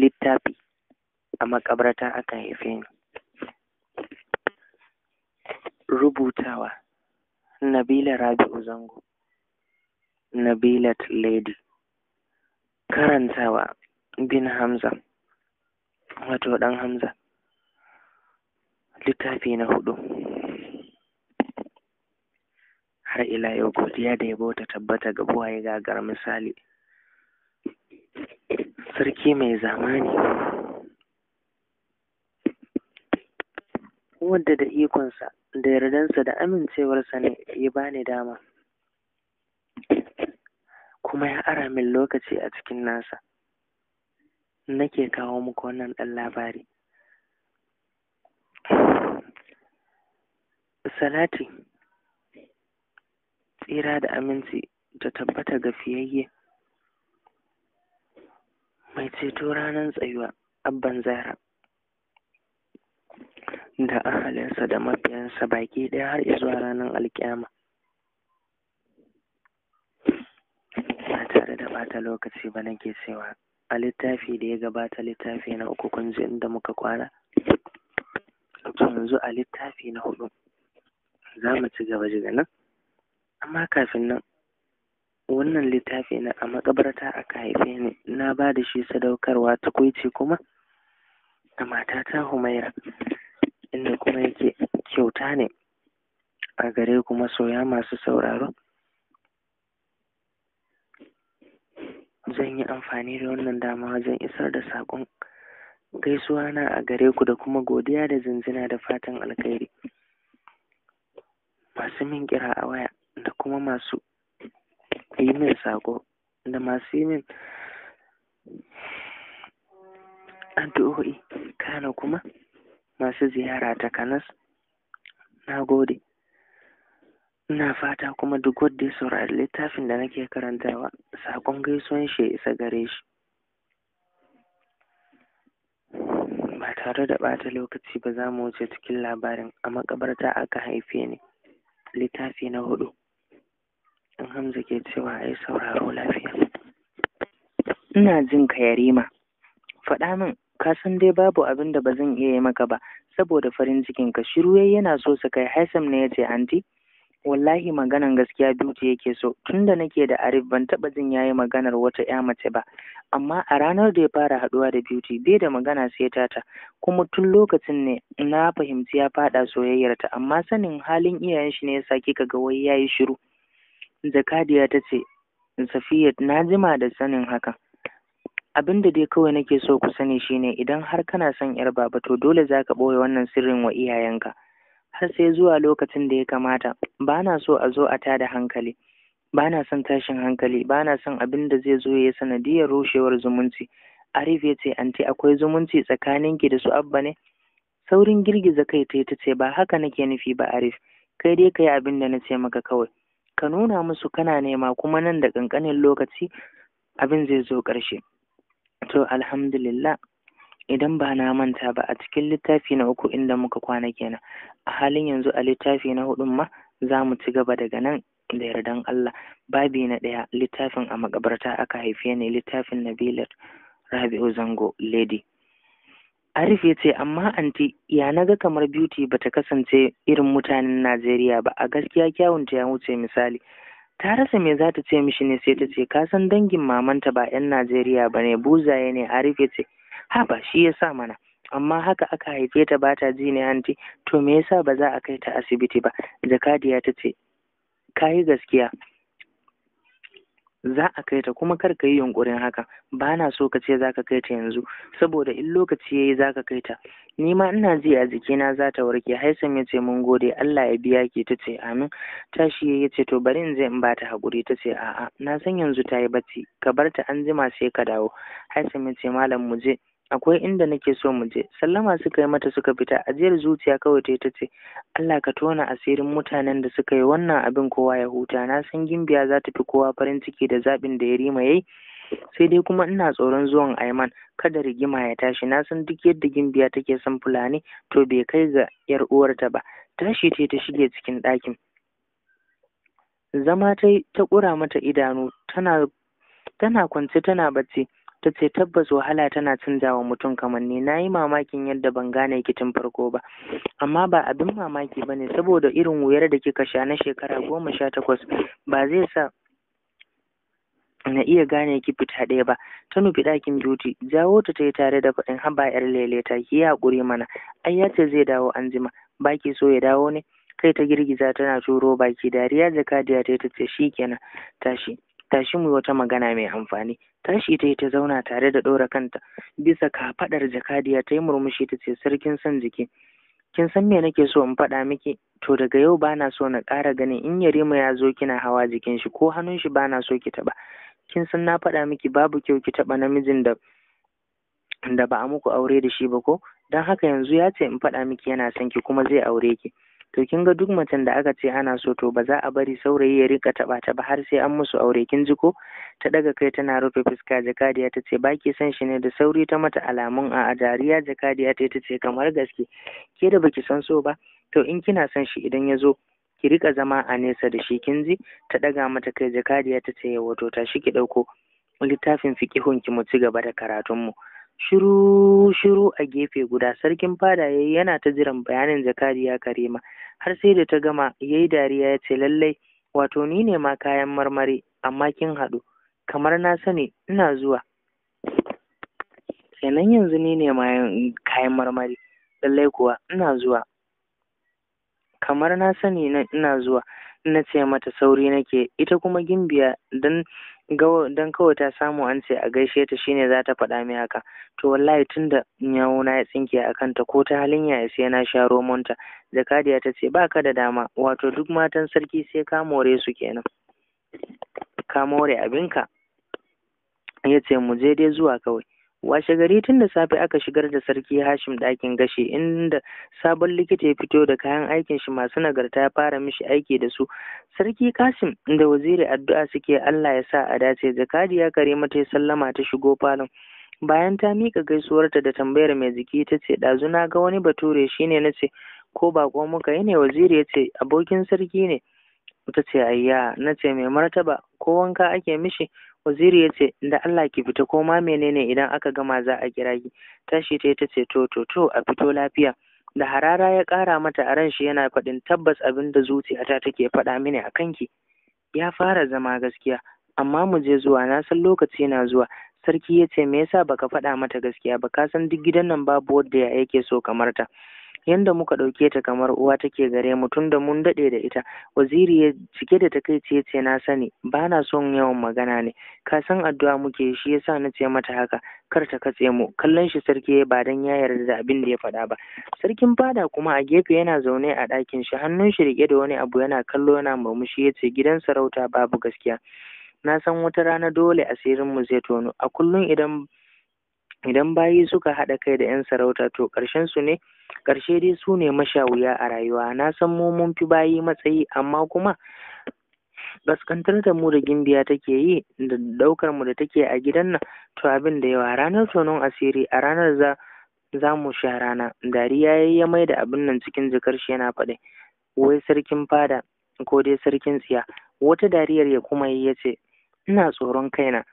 littafi a makabarta aka haife ni rubutawa Nabila Rabi'u Zango Nabilat Lady karantawa bin Hamza wato dan Hamza littafi na hudu har ila yau godiya da yabo ta tabbata ga buwaye gagar misali sarki mai zamani wadda da ikonsa da yardansa da amincewarsa ne ya bani dama kuma ya ara min lokaci a cikin nasa nake kawo muku wannan ɗan labari salati tsira da aminci ta tabbata ga fiyayye mai ceto ranar tsayuwa abban zara da ahalinsa da mafiyansa baki ɗaya har izuwa ranar alkyama ba tare da bata lokaci ba nake cewa a littafi da ya gabata littafi na uku kun ji inda muka kwana yanzu a littafi na hudu za mu ci gaba daga nan amma kafin nan wannan littafi na a makabarta aka haife ni na ba da shi sadaukarwa tukuici kuma ga matata humaira inda kuma yake kyauta ne a gare ku masoya masu sauraro zan yi amfani da wannan dama wajen isar da saƙon gaisuwa na a gare ku da kuma godiya da zinzina da fatan alkhairi masu min kira a waya da kuma masu yi min sako da masu yi min addu'o'i kana kuma masu ziyara ta kanas na gode ina fata kuma duk wanda ya saurari littafin da nake karantawa sakon gaisuwan shi ya isa gare shi ba tare da ɓata lokaci ba za mu wuce cikin labarin a makabarta aka haife ni littafi na hudu in Hamza ke cewa ai sauraro lafiya ina jin ka yarima faɗa min ka san dai babu abin da ba zan iya yi maka ba saboda farin cikin ka shiru yayi yana so su kai Haisam ne yace anti wallahi maganan gaskiya Beauty yake so tunda nake da Arif ban taba jin yayi maganar wata ƴa mace ba amma a ranar da ya fara haduwa da Beauty bai da magana sai tata kuma tun lokacin ne na fahimci ya fada soyayyarta amma sanin halin iyayen shi ne yasa kika ga wai yayi shiru zakariya ta ce, Safiya na jima da sanin hakan. Abin da dai kawai nake so ku sani shine idan har kana son ‘yar baba to dole za ka ɓoye wannan sirrin wa iyayenka. Har sai zuwa lokacin da ya kamata, ba na so a zo a ta da hankali. Ba na son tashin hankali, ba na son abin da zai zo ya sanadiyar rushewar zumunci. Arif ya ce, Anti, akwai zumunci tsakaninki da su abba ne? Saurin girgiza kai ta ta ce, Ba haka nake nufi ba, Arif, kai dai ka yi abin da na ce maka kawai. ka nuna musu kana nema kuma nan da ƙanƙanin lokaci abin zai zo ƙarshe to alhamdulillah idan ba na manta ba a cikin littafi na uku inda muka kwana kenan a halin yanzu a littafi na hudun ma za mu ci gaba daga nan da yardan Allah babi na ɗaya littafin a makabarta aka haife ni littafin Nabilat Rabi'u Zango Lady Arif ya ce amma anti ya naga kamar beauty ba ta kasance irin mutanen Najeriya ba a gaskiya kyawunta ya wuce misali. Ta rasa me za ta ce mishi ne sai ta ce ka dangin mamanta ba 'yan Najeriya ba ne buzaye ne Arif ya ce haba shi ya sa mana. amma haka aka haife ta ba ta ji ne anti, to me yasa ba za a kai ta asibiti ba jakadiya ta ce ka yi gaskiya za a kai ta kuma kar ka yi yunkurin haka ba na so ka ce za ka kai ta yanzu saboda in lokaci ya yi za ka kai ta ni ma ina ji a jikina za ta warke haisan ya ce mun gode allah ya biya ki ta ce amin tashi ya ce to bari in zai in ba ta haƙuri ta ce a'a na san yanzu ta yi bacci ka bar ta an jima sai ka dawo haisan ya ce malam mu je akwai inda nake so mu je sallama suka yi mata suka fita ajiyar zuciya kawai ta ta ce Allah ka tona asirin mutanen da suka yi wannan abin kowa ya huta na san gimbiya za ta fi kowa farin ciki da zaɓin da ya rima yayi sai dai kuma ina tsoron zuwan Aiman kada rigima ya tashi na san duk yadda gimbiya take son fulani to bai kai ga yar uwarta ba tashi ce ta shige cikin ɗakin zama ta ta ƙura mata idanu tana tana kwance tana bacci ta ce tabbas wahala tana wa mutum kamar ne na yi mamakin yadda ban gane ki tun farko ba amma ba abin mamaki ba ne saboda irin wuyar da kika sha na shekara goma sha takwas ba zai sa na iya gane ki fita ɗaya ba ta nufi ɗakin beauty jawo ta ta yi tare da faɗin haba yar leleta ki yi haƙuri mana ai ya ce zai dawo an anjima ba ki so ya dawo ne kai ta girgiza tana turo baki dariya jakadiya ta ta ce kenan tashi tashi mu wata magana mai amfani tashi ta yi ta zauna tare da ɗora kanta bisa ka kafaɗar jakadiya ta yi murmushi ta ce sarkin san jiki kin san me nake so in faɗa miki to daga yau bana so na ƙara ganin in yarima ya zo kina hawa jikin shi ko hannun shi bana so ki taɓa kin san na faɗa miki babu kyau ki taɓa namijin da da ba a muku aure da shi ba ko don haka yanzu ya ce in faɗa miki yana son ki kuma zai aure ki to kin ga duk macen da aka ce ana so to ba za a bari saurayi ya rika taba ta ba har sai an musu aure kin ji ko ta daga kai tana rufe fuska jakadiya ta ce baki san shi ne da sauri ta mata alamun a jariya jakadiya ta ta ce kamar gaske ke da baki san so ba to in kina san shi idan ya zo ki rika zama a nesa da shi kin ji ta daga mata kai jakadiya ta ce wato ta shi ki ɗauko littafin fikihun ki mu ci gaba da karatunmu mu shiru-shiru a gefe guda sarkin fada yayi yana ta jiran bayanin zakariya karema har sai da ta gama yayi dariya ya ce lallai wato ni ne ma kayan marmari amma kin haɗu kamar na sani ina zuwa kenan yanzu ni ne ma kayan marmari lallai kuwa ina zuwa kamar na sani ina zuwa na ce mata sauri nake ita kuma gimbiya dan don kawai ta samu an ce a gaishe ta shine za ta faɗa mai haka to wallahi tun da yawuna ya tsinke a kanta ko ta halin yaya sai na sha romonta jakadiya ta ce baka da dama wato duk matan sarki sai ka more su kenan ka more abinka ya ce mu je dai zuwa kawai washe gari tun da safe aka shigar da sarki hashim ɗakin gashi inda sabon likita ya fito da kayan aikin shi masu nagarta ya fara mishi aiki da su sarki kasim da waziri addu'a suke allah ya sa a dace ya kare mata ya sallama ta shigo falon bayan ta mika gaisuwarta da tambayar mai jiki ta ce ɗazu na ga wani bature shine na ce ko bako muka yi ne waziri ya ce abokin sarki ne ta ce ayya na ce mai martaba ko wanka ake mishi Waziri ya ce, da Allah ki fita ko ma menene idan aka gama za a kira ki. Tashi ta ta ce, to to to a fito lafiya. Da harara ya ƙara mata a ran shi yana faɗin tabbas abin da zuciyata take faɗa mini a kanki. Ya fara zama gaskiya, amma mu je zuwa na san lokaci na zuwa. Sarki ya ce, me yasa baka faɗa mata gaskiya ba, ka san duk gidan nan babu wadda ya yake so kamar ta. yanda muka ɗauke ta kamar uwa take gare mu da mun daɗe da ita waziri ya cike da takaici ya ce na sani ba na son yawan magana ne ka san addu'a muke shi yasa na ce mata haka kar ta katse mu kallon shi sarki ya ba dan ya yarda da abin da ya faɗa ba sarkin fada kuma a gefe yana zaune a ɗakin shi hannun shi rike da wani abu yana kallo yana murmushi ya ce gidan sarauta babu gaskiya na san wata rana dole asirin mu zai tono a kullum idan idan bayi suka haɗa kai da 'yan sarauta to ƙarshen su ne ƙarshe dai su ne mashawuya a rayuwa na san mu mun fi bayi matsayi amma kuma gaskantar da mu da gimbiya take yi da ɗaukar mu da take a gidan nan to abin da yawa ranar tonon asiri a ranar za za mu sha rana dariya ya ya mai da abin nan cikin jikar shi yana faɗi wai sarkin fada ko dai sarkin tsiya wata dariyar ya kuma yi ya ce ina tsoron kaina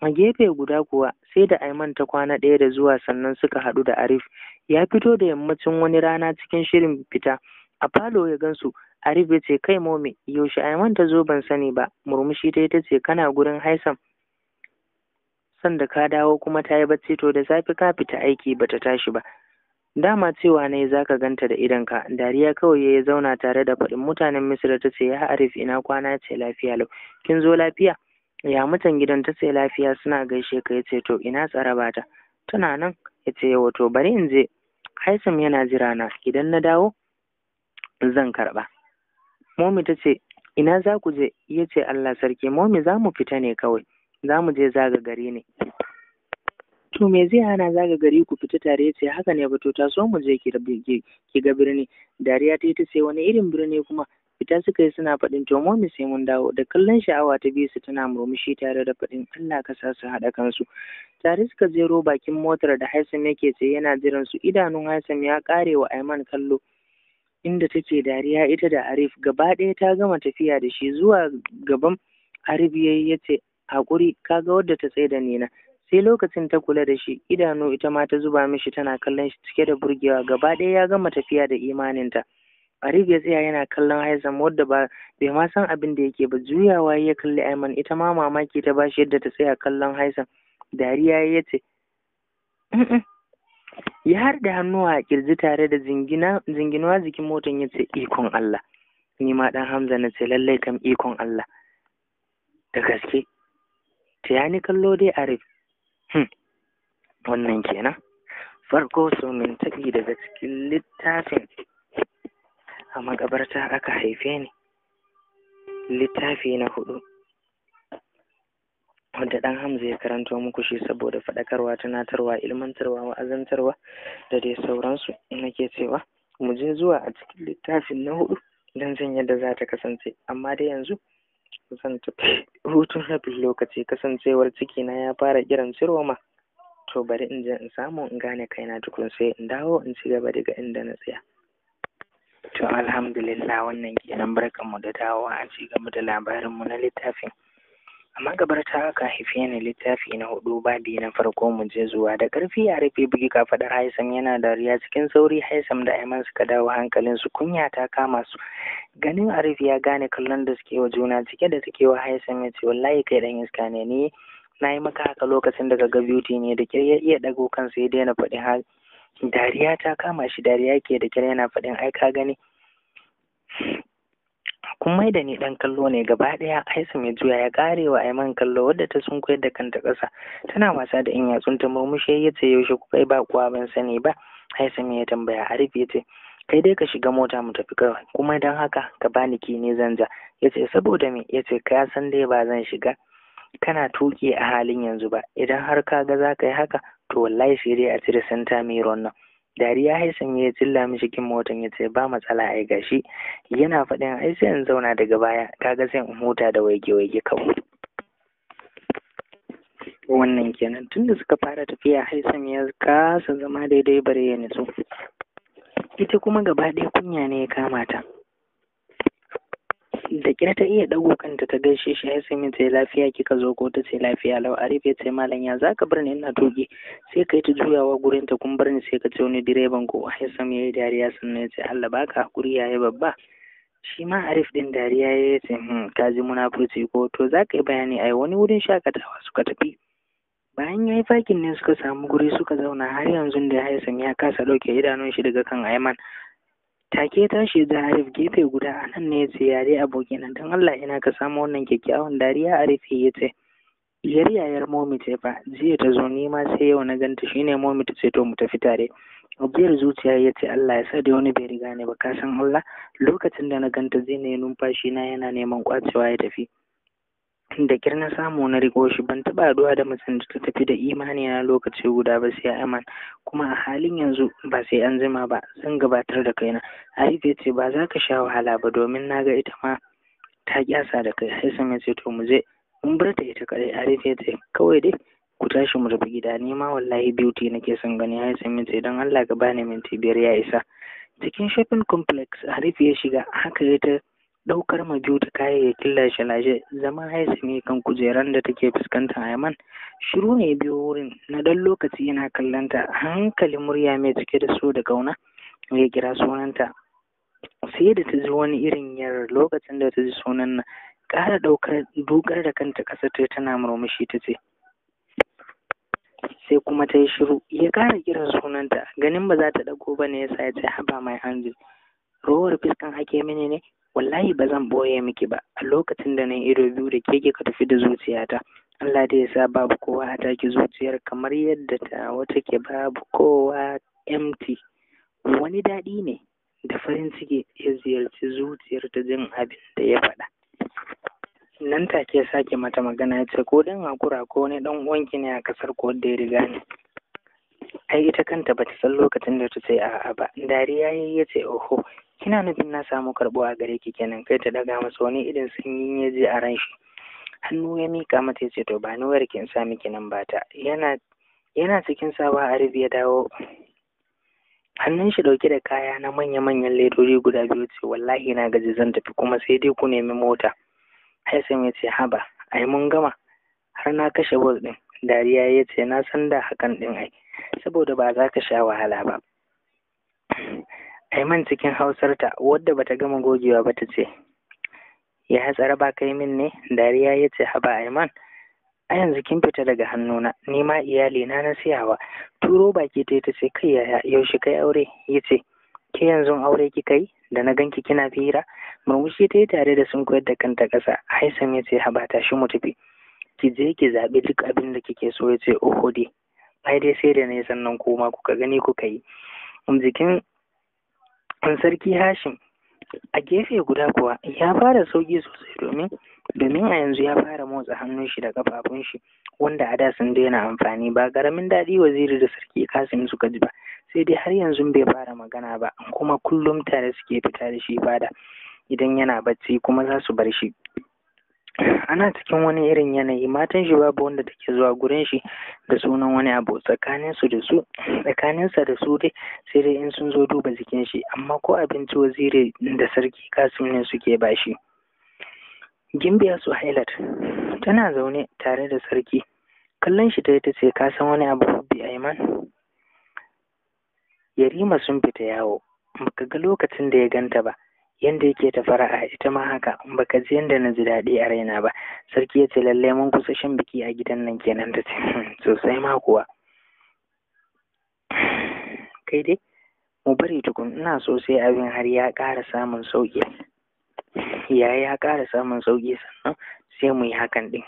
a gefe guda kuwa sai da Aiman ta kwana ɗaya da zuwa sannan suka haɗu da Arif. Ya fito da yammacin wani rana cikin shirin fita. A falo ya gansu, Arif ya ce kai momi, yaushe Aiman ta zo ban sani ba, murmushi ta ta ce kana gurin Haisam. Sanda ka dawo kuma ta yi bacci to da safe ka fita aiki ba ta tashi ba. Dama cewa ne za ka ganta da ka. dariya kawai ya zauna tare da faɗin mutanen Misira ta ce ya Arif ina kwana ce lafiya lau, kin zo lafiya? ya mutan gidan ta ce lafiya suna gaishe ka ya ce to ina tsaraba ta tana nan ya ce yawa bari in je haisam yana jira na idan na dawo zan karɓa momi ta ce ina za ku je ya ce allah sarki momi za mu fita ne kawai za mu je zaga gari ne to me zai hana zaga gari ku fita tare ya ce haka ne ba to taso mu je ki ga birni dariya ta yi ta ce wani irin birni kuma fita suka yi suna faɗin to mu sai mun dawo da kallon sha'awa ta biyu su tana murmushi tare da faɗin Allah ka sa su haɗa kansu tare suka zero bakin motar da Haisam yake tsaye yana jiran su idanun Haisam ya ƙare wa Aiman kallo inda take dariya ita da Arif gaba ɗaya ta gama tafiya da shi zuwa gaban Arif ya ce hakuri ga wadda ta tsaye da ni na sai lokacin ta kula da shi idanu ita ma ta zuba mishi tana kallon shi cike da burgewa gaba ɗaya ya gama tafiya da imaninta Arif ya tsaya yana kallon Haizam wadda ba bai ma san abin da yake ba juyawa ya kalli Aiman ita ma mamaki ta bashi yadda ta tsaya kallon Haizam dariya ya ce ya harda hannuwa a kirji tare da zinginuwa jikin motan ya ce ikon Allah ni ma dan Hamza na ce lallai kam ikon Allah da gaske ta yani kallo dai Arif hmm. wannan kenan farko so min taɓi daga cikin littafin a magabarta aka haife ni littafi na hudu wadda ɗan Hamza ya karanto muku shi saboda faɗakarwa, tunatarwa, ilmantarwa, wa'azantarwa da dai sauransu nake cewa mu je zuwa a cikin littafin na hudu don jin yadda za ta kasance amma dai yanzu zan tafi hutun rabin lokaci kasancewar ciki na ya fara kiran ciroma to bari in je in samu in gane kaina tukun sai in dawo in ci gaba daga inda na tsaya To alhamdulillah wannan kenan mu da dawo a ci gaba da mu na littafin. Amma gabar ta aka haife ni littafi na hudu babi na farko mu je zuwa da karfi a rufe bugi kafaɗar Haisam yana dariya cikin sauri Haisam da Aiman suka dawo hankalin su kunya ta kama su. Ganin Arif ya gane kallon da suke wa juna cike da suke wa Haisam ya ce wallahi kai dan iska ne ni na yi maka haka lokacin da ga beauty ne da ya iya dago kansa ya daina faɗi dariya ta kama shi dariya ke da kira yana faɗin ai ka gani kun mai da ni dan kallo ne gaba ɗaya, aisa mai juya ya kare wa man kallo wadda ta sun koyar da kanta ƙasa tana wasa da in yatsun ta murmushi ya ce yaushe kuka yi ba kuwa ban sani ba aisa mai ya tambaya arif ya ce kai dai ka shiga mota mu tafi kawai kuma don haka ka bani ki ne zan ya ce saboda me ya ce ka san dai ba zan shiga kana tuki a halin yanzu ba idan har ka ga za ka yi haka to wallahi sai dai a cire santa mai wannan dariya haisan ya jilla mishi kin motan ya ce ba matsala ai gashi yana faɗin ai sai in zauna daga baya kaga sai in huta da waige waige kawai wannan kenan tunda suka fara tafiya haisan ya kasa zama daidai bare ya nitsu ita kuma gaba ɗaya kunya ne ya kama ta da kira ta iya dago kanta ta gaishe shi sai sai ta lafiya kika zo ko ta ce lafiya lau arif ya malam ya zaka bar ni ina tuki sai kai ta juyawa gurin ta kun bar ni sai ka ce wani direban ko ya sam yayi dariya sannan ya ce Allah baka hakuri yayi babba shi ma arif din dariya ya ce hmm ka ji munafurci ko to zaka yi bayani ai wani wurin shakatawa suka tafi bayan ya yi fakin ne suka samu guri suka zauna har yanzu da ya sam ya kasa ɗauke idanun shi daga kan Ayman take tashi da Arif gefe guda a nan ne ya ce ya abokina don Allah ina ka samu wannan kyakkyawan dariya Arif ya ce yar yayar momi ce fa jiya ta zo ni ma sai yau na ganta shine momi ta ce to mu tafi tare ajiyar zuciya ya ce Allah ya sa da wani bai riga ne ba ka san Allah lokacin da na ganta zai ne numfashi na yana neman kwacewa ya tafi da kyar na samu na riko shi ban taba haduwa da mutum da ta tafi da imani na lokaci guda ba sai aman kuma a halin yanzu ba sai an zima ba zan gabatar da kaina a ya ce ba za ka sha wahala ba domin na ga ita ma ta kyasa da kai Haisan ya ce to mu je mun bar ta ita kadai Arif ya ce kawai dai ku tashi mu tafi gida ni ma wallahi beauty nake son gani Haisan ya ce don Allah ka bani minti biyar ya isa cikin shopping complex Arif ya shiga haka ya ta ɗaukar maju da kayayyakin lashe-lashe, zaman ne kan kujeran da take fuskanta a yaman Shiru ne biyu wurin na ɗan lokaci yana kallonta a hankali murya mai cike da so da ƙauna ya kira sunanta. Sai da ta ji wani irin yar lokacin da ta ji sunan nan, ƙara ɗaukar dukar da kanta ƙasa ta tana murmushi ta ce. Sai kuma ta yi shiru, ya ƙara kiran sunanta, ganin ba za ta ɗago ba ne ya sa ya ce haba mai hanji. Rowar fuskan hake mini ne, wallahi ba zan boye miki ba a lokacin da na ido biyu da ke ka tafi da zuciyata Allah da ya sa babu kowa a taki zuciyar kamar yadda ta wata ke babu kowa empty wani daɗi ne da farin ciki ya ziyarci zuciyar ta jin abin da ya faɗa nan take sake mata magana ya ce ko dan hakura ko ne dan uwanki ne a ƙasar ko da ya riga ni ai ita kanta bata san lokacin da ta ce a'a ba dariya yi ya ce oho kina nufin na samu karɓo a gare ki kenan kai ta daga masa wani irin sanyin ya je a ran shi hannu ya mika mata ya ce to ba ni wayar ki sa miki nan ba ta yana cikin sawa arif ya dawo hannun shi dauke da kaya na manya-manyan ledori guda biyu ce wallahi na gaji zan tafi kuma sai dai ku nemi mota haisam ya ce haba ai mun gama har na kashe bol din dariya ya ce na san da hakan din ai saboda ba za ka sha wahala ba Aiman cikin hausarta wadda bata gama gogewa ba ta ce ya hatsara ba kai min ne dariya ya ce haba Aiman a yanzu kin fita daga hannuna nima ma iyali na na siyawa turo baki ta ta ce kai yaya yaushe kai aure ya ce ke yanzu aure kika yi da na ganki kina fira murmushi ta yi tare da sun koyar da kanta ƙasa haisam ya ce haba tashi mu tafi ki je ki zaɓi duk abin da kike so ya ce oho dai ai dai sai da ne sannan koma kuka gani kuka yi jikin sarki hashim a gefe guda kuwa ya fara sauki sosai domin domin a yanzu ya fara motsa hannun shi da kafafun shi wanda a da sun daina amfani ba karamin daɗi waziri da sarki kasim suka ji ba sai dai har yanzu bai fara magana ba kuma kullum tare suke fita da shi fada idan yana bacci kuma za su bar shi ana cikin wani irin yanayi matan shi babu wanda take zuwa gurin shi da sunan wani abu tsakanin su da su tsakanin sa da su dai sai dai in sun zo duba jikin shi amma ko abinci waziri da sarki kasim ne suke shi gimbiya su hailat tana zaune tare da sarki kallon shi ta yi ta ce ka san wani abu hubbi aiman yarima sun fita yawo baka ga lokacin da ya ganta ba yanda yake ta fara'a ita ma haka baka ji yanda na ji daɗi a raina ba sarki ya ce lallai mun kusa shan biki a gidan nan kenan ta ce hmm, sosai ma kuwa kai dai mu bari tukun ina so sai abin har ya ƙara samun sauƙi ya ya ƙara samun sauƙi sannan sai mu yi hakan ɗin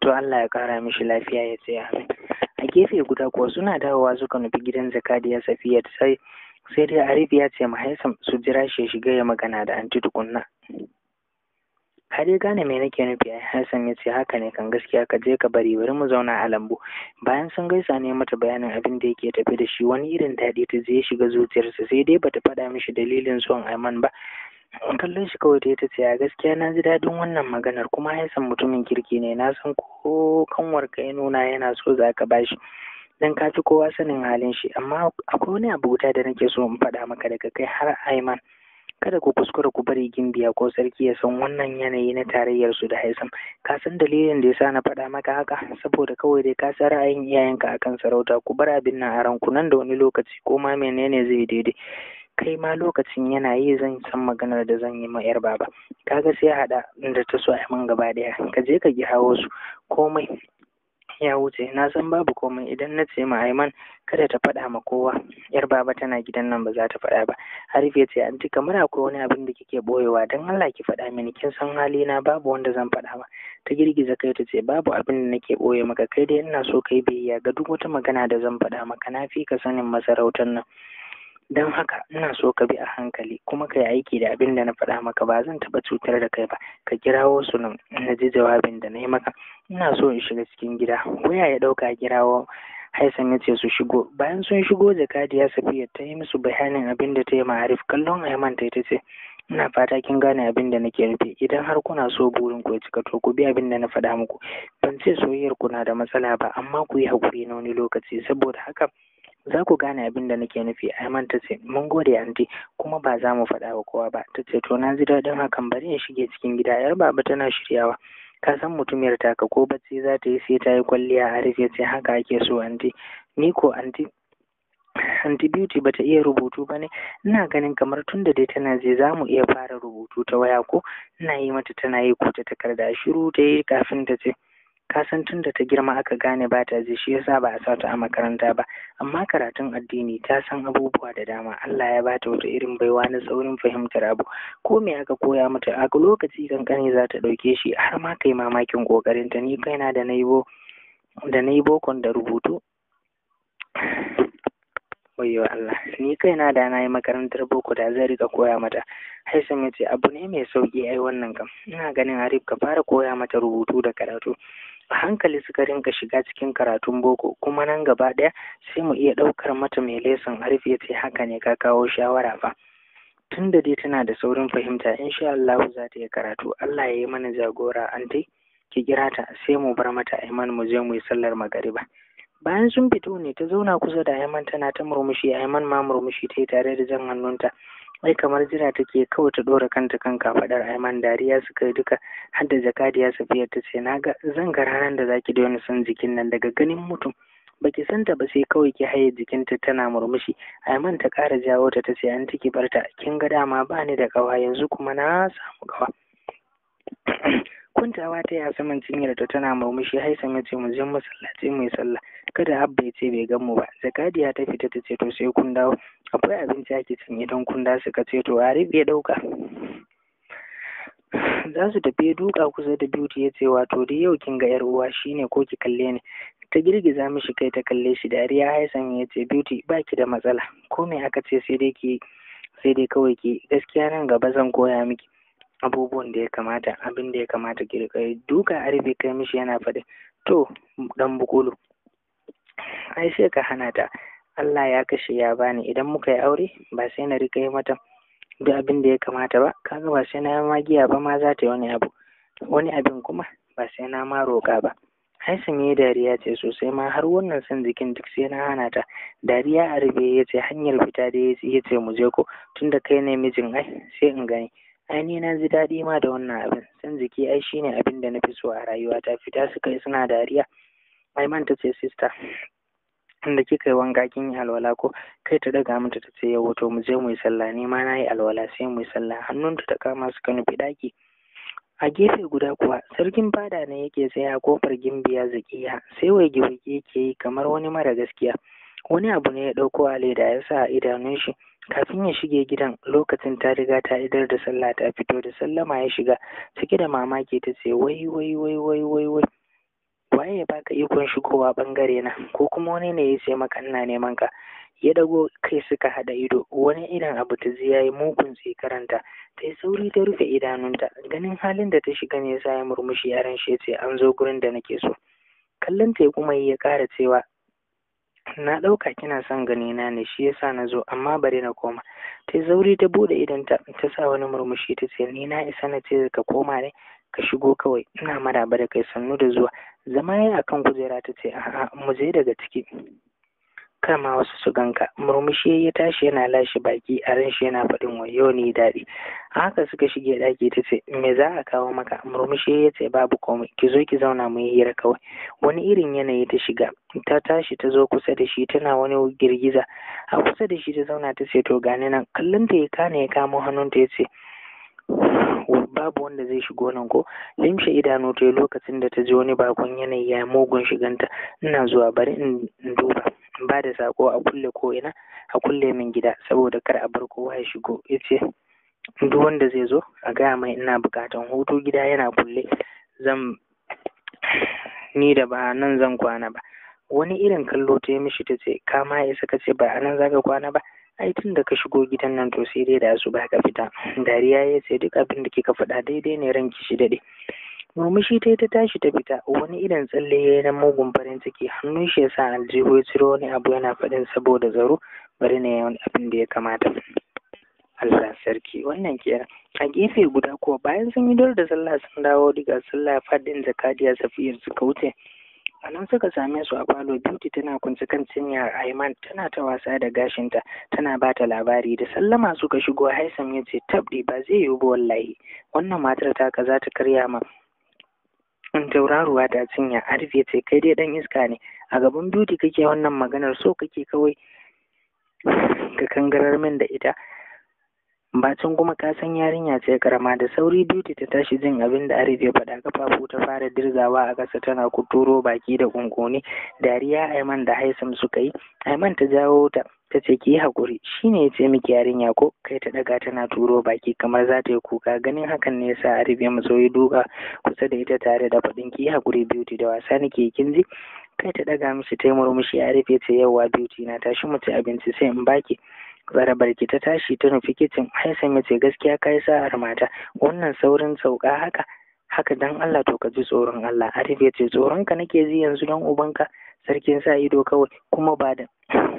to Allah ya ƙara mishi lafiya ya tsaye amin a gefe guda kuwa suna dawowa suka nufi gidan zakariya safiya sai sai dai Arif ya ce ma haisan su jira shi ya shiga ya magana da anti tukunna har ya gane me nake nufi ai Hassan ya ce haka ne kan gaskiya ka je ka bari bari mu zauna a lambu bayan sun gaisa ne mata bayanin abin da yake tafi da shi wani irin daɗi ta je shiga zuciyarsa sai dai bata faɗa mishi dalilin zuwan Aiman ba kallon shi kawai ta ce a gaskiya na ji daɗin wannan maganar kuma Hassan mutumin kirki ne na san ko kanwar ka ya nuna yana so za ka bashi dan ka fi kowa sanin halin shi amma akwai wani abu guda da nake so in faɗa maka daga kai har Aiman kada ku kuskura ku bari gimbiya ko sarki ya san wannan yanayi na tarayyar su da haisan. ka san dalilin da yasa na faɗa maka haka saboda kawai dai ka san ra'ayin iyayenka akan sarauta ku bar abin nan a ranku nan da wani lokaci ko ma menene zai daidai kai ma lokacin yana yi zan san maganar da zan yi ma yar baba kaga sai hada da ta so a min gaba ɗaya ka je ka hawo su komai ya wuce na san babu komai idan na ce ma Aiman kada ta faɗa ma kowa yar baba tana gidan nan ba za ta faɗa ba harife ce anti kamar akwai wani abin da kike boyewa dan Allah ki faɗa mini kin san hali na babu wanda zan faɗa ma ta girgiza kai ta ce babu abin da nake boye maka kai dai ina so kai biyayya ga duk wata magana da zan faɗa maka na fi ka sanin masarautar nan don haka ina so ka bi a hankali kuma ka yi aiki da abin da na faɗa maka ba zan taɓa cutar da kai ba ka kirawo su nan na ji jawabin da na yi maka ina so in shiga cikin gida waya ya ɗauka kirawo Haisan ya ce su shigo bayan sun shigo jakadiya safiya ta yi musu bayanin abin da ta yi ma'arif kallon Ayman ta ce ina fata kin gane abin da nake rufe idan har kuna so burin ku ya cika to ku bi abin da na faɗa muku ban ce soyayyar ku na da matsala ba amma ku yi haƙuri na wani lokaci saboda haka za ku gane abin da nake nufi man ta ce mun gode anti kuma ba za mu faɗa wa kowa ba ta ce to na ji daɗin hakan bari in shige cikin gida yar baba tana shiryawa ka san mutumiyar taka ko bacci za ta yi sai ta yi kwalliya a rufe ce haka ake so anti ni ko anti anti beauty bata iya rubutu ba ne ina ganin kamar tun da dai tana je za mu iya fara rubutu ta waya ko ina yi mata tana yi ko ta takarda shiru ta yi kafin ta ce ka san tun da ta girma aka gane ba ta ji shi yasa ba a sa a makaranta ba amma karatun addini ta san abubuwa da dama Allah ya bata wata irin baiwa na saurin fahimtar abu ko me aka koya mata a lokaci kankani za ta ɗauke shi har ma kai mamakin kokarin ta ni kaina da na da na bokon da rubutu wayo Allah ni kaina da na yi makarantar boko da zan rika koya mata Haisan ya ce abu ne mai sauki ai wannan kam ina ganin Arif ka fara koya mata rubutu da karatu a hankali suka rinka shiga cikin karatun boko kuma nan gaba ɗaya sai mu iya ɗaukar mata mai leson harfi ya ce haka ne ka kawo shawara fa tun da dai tana da saurin fahimta insha Allah za ta yi karatu Allah ya yi mana jagora anti ki kira ta sai mu bar mata Aiman mu je mu yi sallar magariba bayan sun fito ne ta zauna kusa da Aiman tana ta murmushi Aiman ma murmushi ta yi tare da jan hannunta wai kamar jira take kawai ta ɗora kanta kan kafaɗar aiman dariya suka duka har da jakadiya safiya ta ce naga zan ga ranar da zaki daina son jikin nan daga ganin mutum baki san ta ba sai kawai ki haye jikinta tana murmushi aiman ta ƙara jawo ta tace an ciki barta kin ga dama ba ni da ƙawa yanzu kuma na samu ƙawa kuntawa ta ya saman cinyar ta tana murmushi hai ya ce mu je masallaci mai sallah kada abba ya ce bai gan mu ba zakadiya ta fita ta ce to sai kun dawo akwai abinci ake cin idan kun da suka ce to a ya dauka za su tafi duka kusa da beauty ya ce wato dai yau kin ga yar uwa shine ko ki kalle ni ta girgiza mishi kai ta kalle shi dariya haisam ya ce beauty baki da matsala ko me aka ce sai dai ki sai dai kawai ki gaskiya nan gaba zan koya miki abubuwan da ya kamata abin da ya kamata ki rika duka arbe kai mishi yana faɗi to dan bukulu ai sai ka hana ta Allah ya kashe ya bani idan muka yi aure ba sai na rika yi mata duk abin da ya kamata ba kaga ba sai na yi magiya ba ma za ta yi wani abu wani abin kuma ba sai na ma roƙa ba su me dariya ce sosai ma har wannan son jikin duk sai na hana ta. Dariya a rube ya ce hanyar fita da ya ce mu je ko tunda kai ne mijin ai sai in gani. ai ni na ji daɗi ma da wannan abin san jiki ai shine abin da na fi so a rayuwa ta fita su kai suna dariya man ta ce sista inda kika yi wanka kin yi alwala ko kai ta daga mata ta ce yau to mu je mu yi sallah ni ma na yi alwala sai mu yi sallah hannunta ta kama suka nufi ɗaki a gefe guda kuwa sarkin fada ne yake tsaye a kofar gimbiya zakiya sai wai gibi yake yi kamar wani mara gaskiya wani abu ne ya ɗauko a leda ya sa a idanun shi kafin ya shige gidan lokacin ta riga ta idar da sallah ta fito da sallama ya shiga cike da mamaki ta ce wai wai wai wai wai wai waye ya baka ikon shigowa bangare na ko kuma wani ne ya ce maka ina neman ka ya dago kai suka hada ido wani irin abu ta ziya yi mugun karanta ta yi sauri ta rufe idanunta ganin halin da ta shiga ne sa ya murmushi yaran shi ya ce an zo gurin da nake so kallon ta kuma ya kara cewa na ɗauka kina son gani na ne shi yasa na zo amma bari na koma ta zauri ta buɗe idan ta ta sa wani murmushi ta ce ni na isa na ce ka koma ne ka shigo kawai ina maraba da kai sannu da zuwa zama yana akan kujera ta ce a'a mu je daga ciki kama wasu su ganka murmushi ya tashi yana lashe baki a ran shi yana faɗin wayo ni daɗi haka suka shige ɗaki ta ce me za a kawo maka murmushi ya ce babu komai ki zo ki zauna mu hira kawai wani irin yanayi ta shiga ta tashi ta zo kusa da shi tana wani girgiza a kusa da shi ta zauna ta ce to gani nan kallon ta ya kana ya kamo hannunta ya ce babu wanda zai shigo nan ko limshe idanu ta lokacin da ta ji wani bakon yanayi ya mugun shiganta ina zuwa bari in duba in ba da sako a kulle ko ina a kulle min gida saboda kar a bar kowa ya shigo ya ce duk wanda zai zo a gaya mai ina bukatan hutu gida yana kulle zan ni da ba nan zan kwana ba wani irin kallo ta yi mishi ta ce kama ya isa ka ce ba a nan za ka kwana ba ai tun da ka shigo gidan nan to sai dai da ba ka fita dariya ya ce duk abin da kika faɗa daidai ne ranki shi daɗe murmushi ta ta tashi ta fita wani irin tsalle ya yi na mugun farin ciki hannun shi ya sa aljihu ya ciro wani abu yana faɗin saboda zaro bari ne yawan abin da ya kamata Allah sarki wannan kenan a gefe guda kuwa bayan sun yi dole da sallah sun dawo daga sallah fadin zakadiya safiyar suka wuce A nan suka same su a falo Beauty tana kunci kan cinyar ayman tana ta wasa da gashinta tana ba ta labari da sallama suka shigo Haisam ya ce tabdi ba zai yi ba wallahi wannan matar ta ka za ta karya ma in tauraruwa ta cinya Arif ya ce kai dai dan iska ne a gaban Beauty kake wannan maganar so kake kawai ka kangarar min da ita bacin kuma kasan yarinya ce karama da sauri beauty ta tashi jin abin da arif ya faɗa kafafu ta fara dirzawa a ƙasa tana kuturo baki da kunkuni dariya aiman da haisam suka yi aiman ta jawo ta ta ce ki haƙuri shine ya ce miki yarinya ko kai ta daga tana turo baki kamar za ta yi kuka ganin hakan ne yasa arif ya matso ya duka kusa da ita tare da faɗin ki hakuri, beauty da wasa nake kin ji kai ta daga mishi ta yi murmushi arif ya ce yauwa beauty na tashi mu ci abinci sai in baki tsarabarki ta tashi ta nufi kicin haisam ya ce gaskiya kai sa'ar mata wannan saurin sauka haka haka dan Allah to ka ji tsoron Allah Arif ya ce tsoron ka nake ji yanzu dan ubanka sarkin sa ido kawai kuma ba da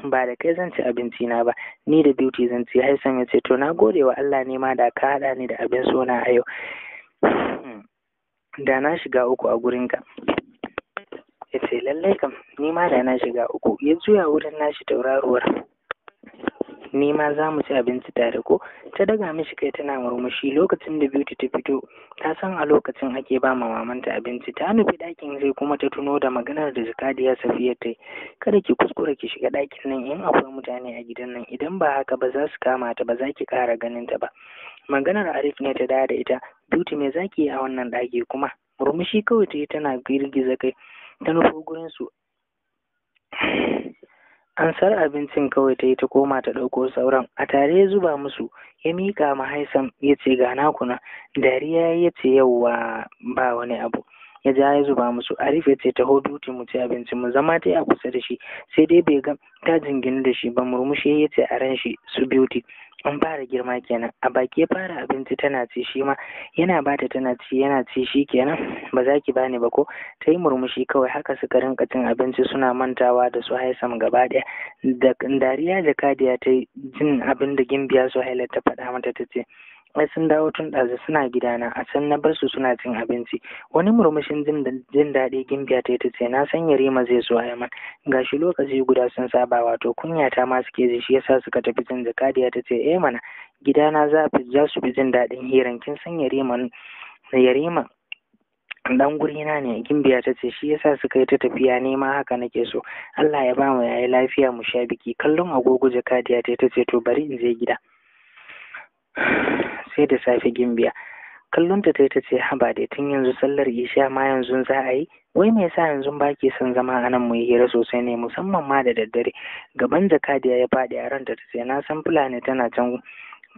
ba da kai zan ci abinci na ba ni da beauty zan ci haisam ya ce to na gode wa Allah ne ma da ka hada ni da abin sona a yau da na shiga uku a gurinka ya ce lallai kam ni ma da na shiga uku ya juya wurin nashi tauraruwar ni ma za mu ci abinci tare ko ta daga mishi kai tana murmushi lokacin da beauty ta fito ta san a lokacin ake ba ma mamanta abinci ta nufi ɗakin zai kuma ta tuno da maganar da jakadiya safiya ta yi kada ki kuskura ki shiga ɗakin nan in akwai mutane a gidan nan idan ba haka ba za su kama ta ba za ki ƙara ganin ta ba maganar arif ne ta dawo da ita beauty me za ki yi a wannan ɗaki kuma murmushi kawai ta yi tana girgiza kai ta nufo su ansar abincin kawai ta yi ta koma ta ɗauko sauran a tare ya zuba musu ya miƙa ma haisan ya ce ga nakuna dariya ya ce yauwa ba wani abu ya ja ya zuba musu arif ya ta taho duti mu ci abinci mu zama ta a kusa da shi sai dai bai ga ta jingina da shi ba murmushi ya ce a ran shi su beauty an fara girma kenan a baki ya fara abinci tana ci shi ma yana bata tana ci yana ci shi kenan ba za ki bani ba ko ta yi murmushi kawai haka suka rinka cin abinci suna mantawa da su haisam gaba ɗaya da dariya da kadiya ta yi jin abin da gimbiya su ta faɗa mata ta ce ai sun dawo tun ɗazu suna gidana a can na bar su suna cin abinci wani murmushin jin daɗi gimbiya ta ta ce na san yarima zai zo a Ga shi lokaci guda sun saba wato kunya ta ma suke ji shi yasa suka tafi jin jakadiya ta ce eh mana gidana za za su fi jin daɗin hiran kin san yarima yarima dan gurina ne gimbiya ta ce shi yasa suka yi ta tafiya nema haka nake so Allah ya ba mu yayi lafiya mu sha biki kallon agogo jakadiya ta ce to bari in je gida sai da safe gimbiya kallonta ta ta ce haba dai tun yanzu sallar isha ma yanzu za a yi wai me yasa yanzu ba ke son zama a nan mu yi hira sosai ne musamman ma da daddare gaban jakadiya ya faɗi a ranta ta ce na san fulani tana can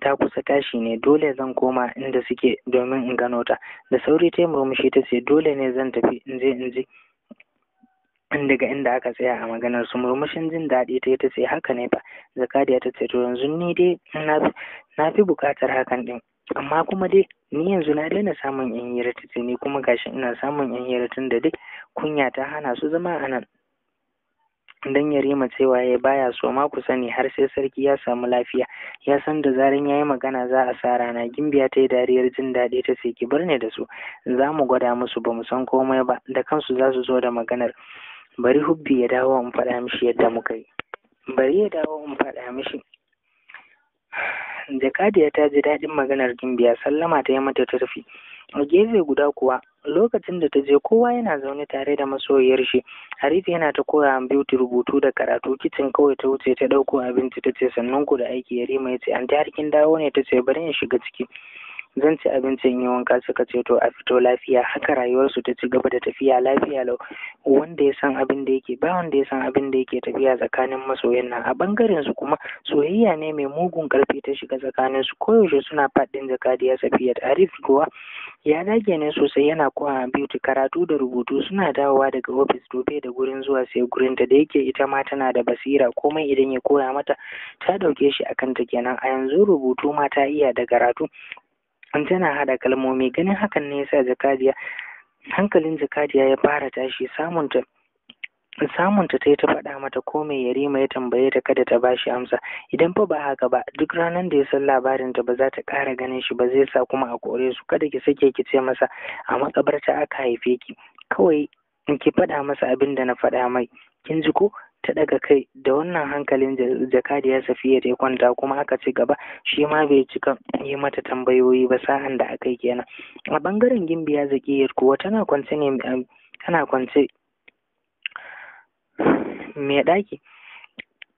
ta kusa tashi ne dole zan koma inda suke domin in gano ta da sauri ta murmushi ta ce dole ne zan tafi in je in je in daga inda aka tsaya a maganar su murmushin jin daɗi ta ta ce haka ne ba zakariya ta ce to yanzu ni dai na fi buƙatar hakan din amma kuma dai ni yanzu na daina samun yan hira ta ce ni kuma gashi ina samun yan hira tun da dai kunya ta hana su zama a nan dan yarima cewa ya baya so ma ku sani har sai sarki ya samu lafiya ya san da zaran yayi magana za a sa rana gimbiya ta yi dariyar jin daɗi ta ce ki bar ne da su za mu gwada musu ba mu san komai ba da kansu za su zo da maganar bari hubbi ya dawo in faɗa mishi yadda muka yi bari ya dawo in faɗa mishi jakadiya ta ji daɗin maganar gimbiya sallama ta yi mata ta tafi a gefe guda kuwa lokacin da ta je kowa yana zaune tare da masoyiyar shi harif yana ta koya an biyu rubutu da karatu kicin kawai ta wuce ta ɗauko abinci ta ce sannan ku da aiki ya rima ya ce an ta harkin dawo ne ta ce bari in shiga ciki zan ci abincin yi wanka suka ce to a fito lafiya haka rayuwarsu ta ci gaba da tafiya lafiya lau wanda ya san abin da yake ba wanda ya san abin da yake tafiya tsakanin masoyan nan a bangaren su kuma soyayya ne mai mugun karfi ta shiga tsakanin su koyaushe suna faɗin ya safiya arif kuwa ya dage ne sosai yana biyu beauty karatu da rubutu suna dawowa daga ofis dobe da gurin zuwa sai gurin ta da yake ita ma tana da basira komai idan ya koya mata ta dauke shi akan ta kenan a yanzu rubutu ma ta iya da karatu tana hada kalmomi ganin hakan ne yasa jakadiya hankalin jakadiya ya fara tashi samunta samunta ta yi ta faɗa mata ko mai yarima ya tambaye ta kada ta ba shi amsa idan fa ba haka ba duk ranar da ya san labarin ta ba za ta ƙara ganin shi ba zai sa kuma a kore su kada ki sake ki ce masa a makabarta aka haife ki kawai ki faɗa masa abin da na faɗa mai kin ji ko ta daga kai da wannan hankalin ya safiya ya kwanta kuma aka ci gaba shi ma bai cika yi mata tambayoyi ba sa'an da aka yi kenan a bangaren gimbiya zakiyar kuwa tana kwance ne eh, tana kwance mai ɗaki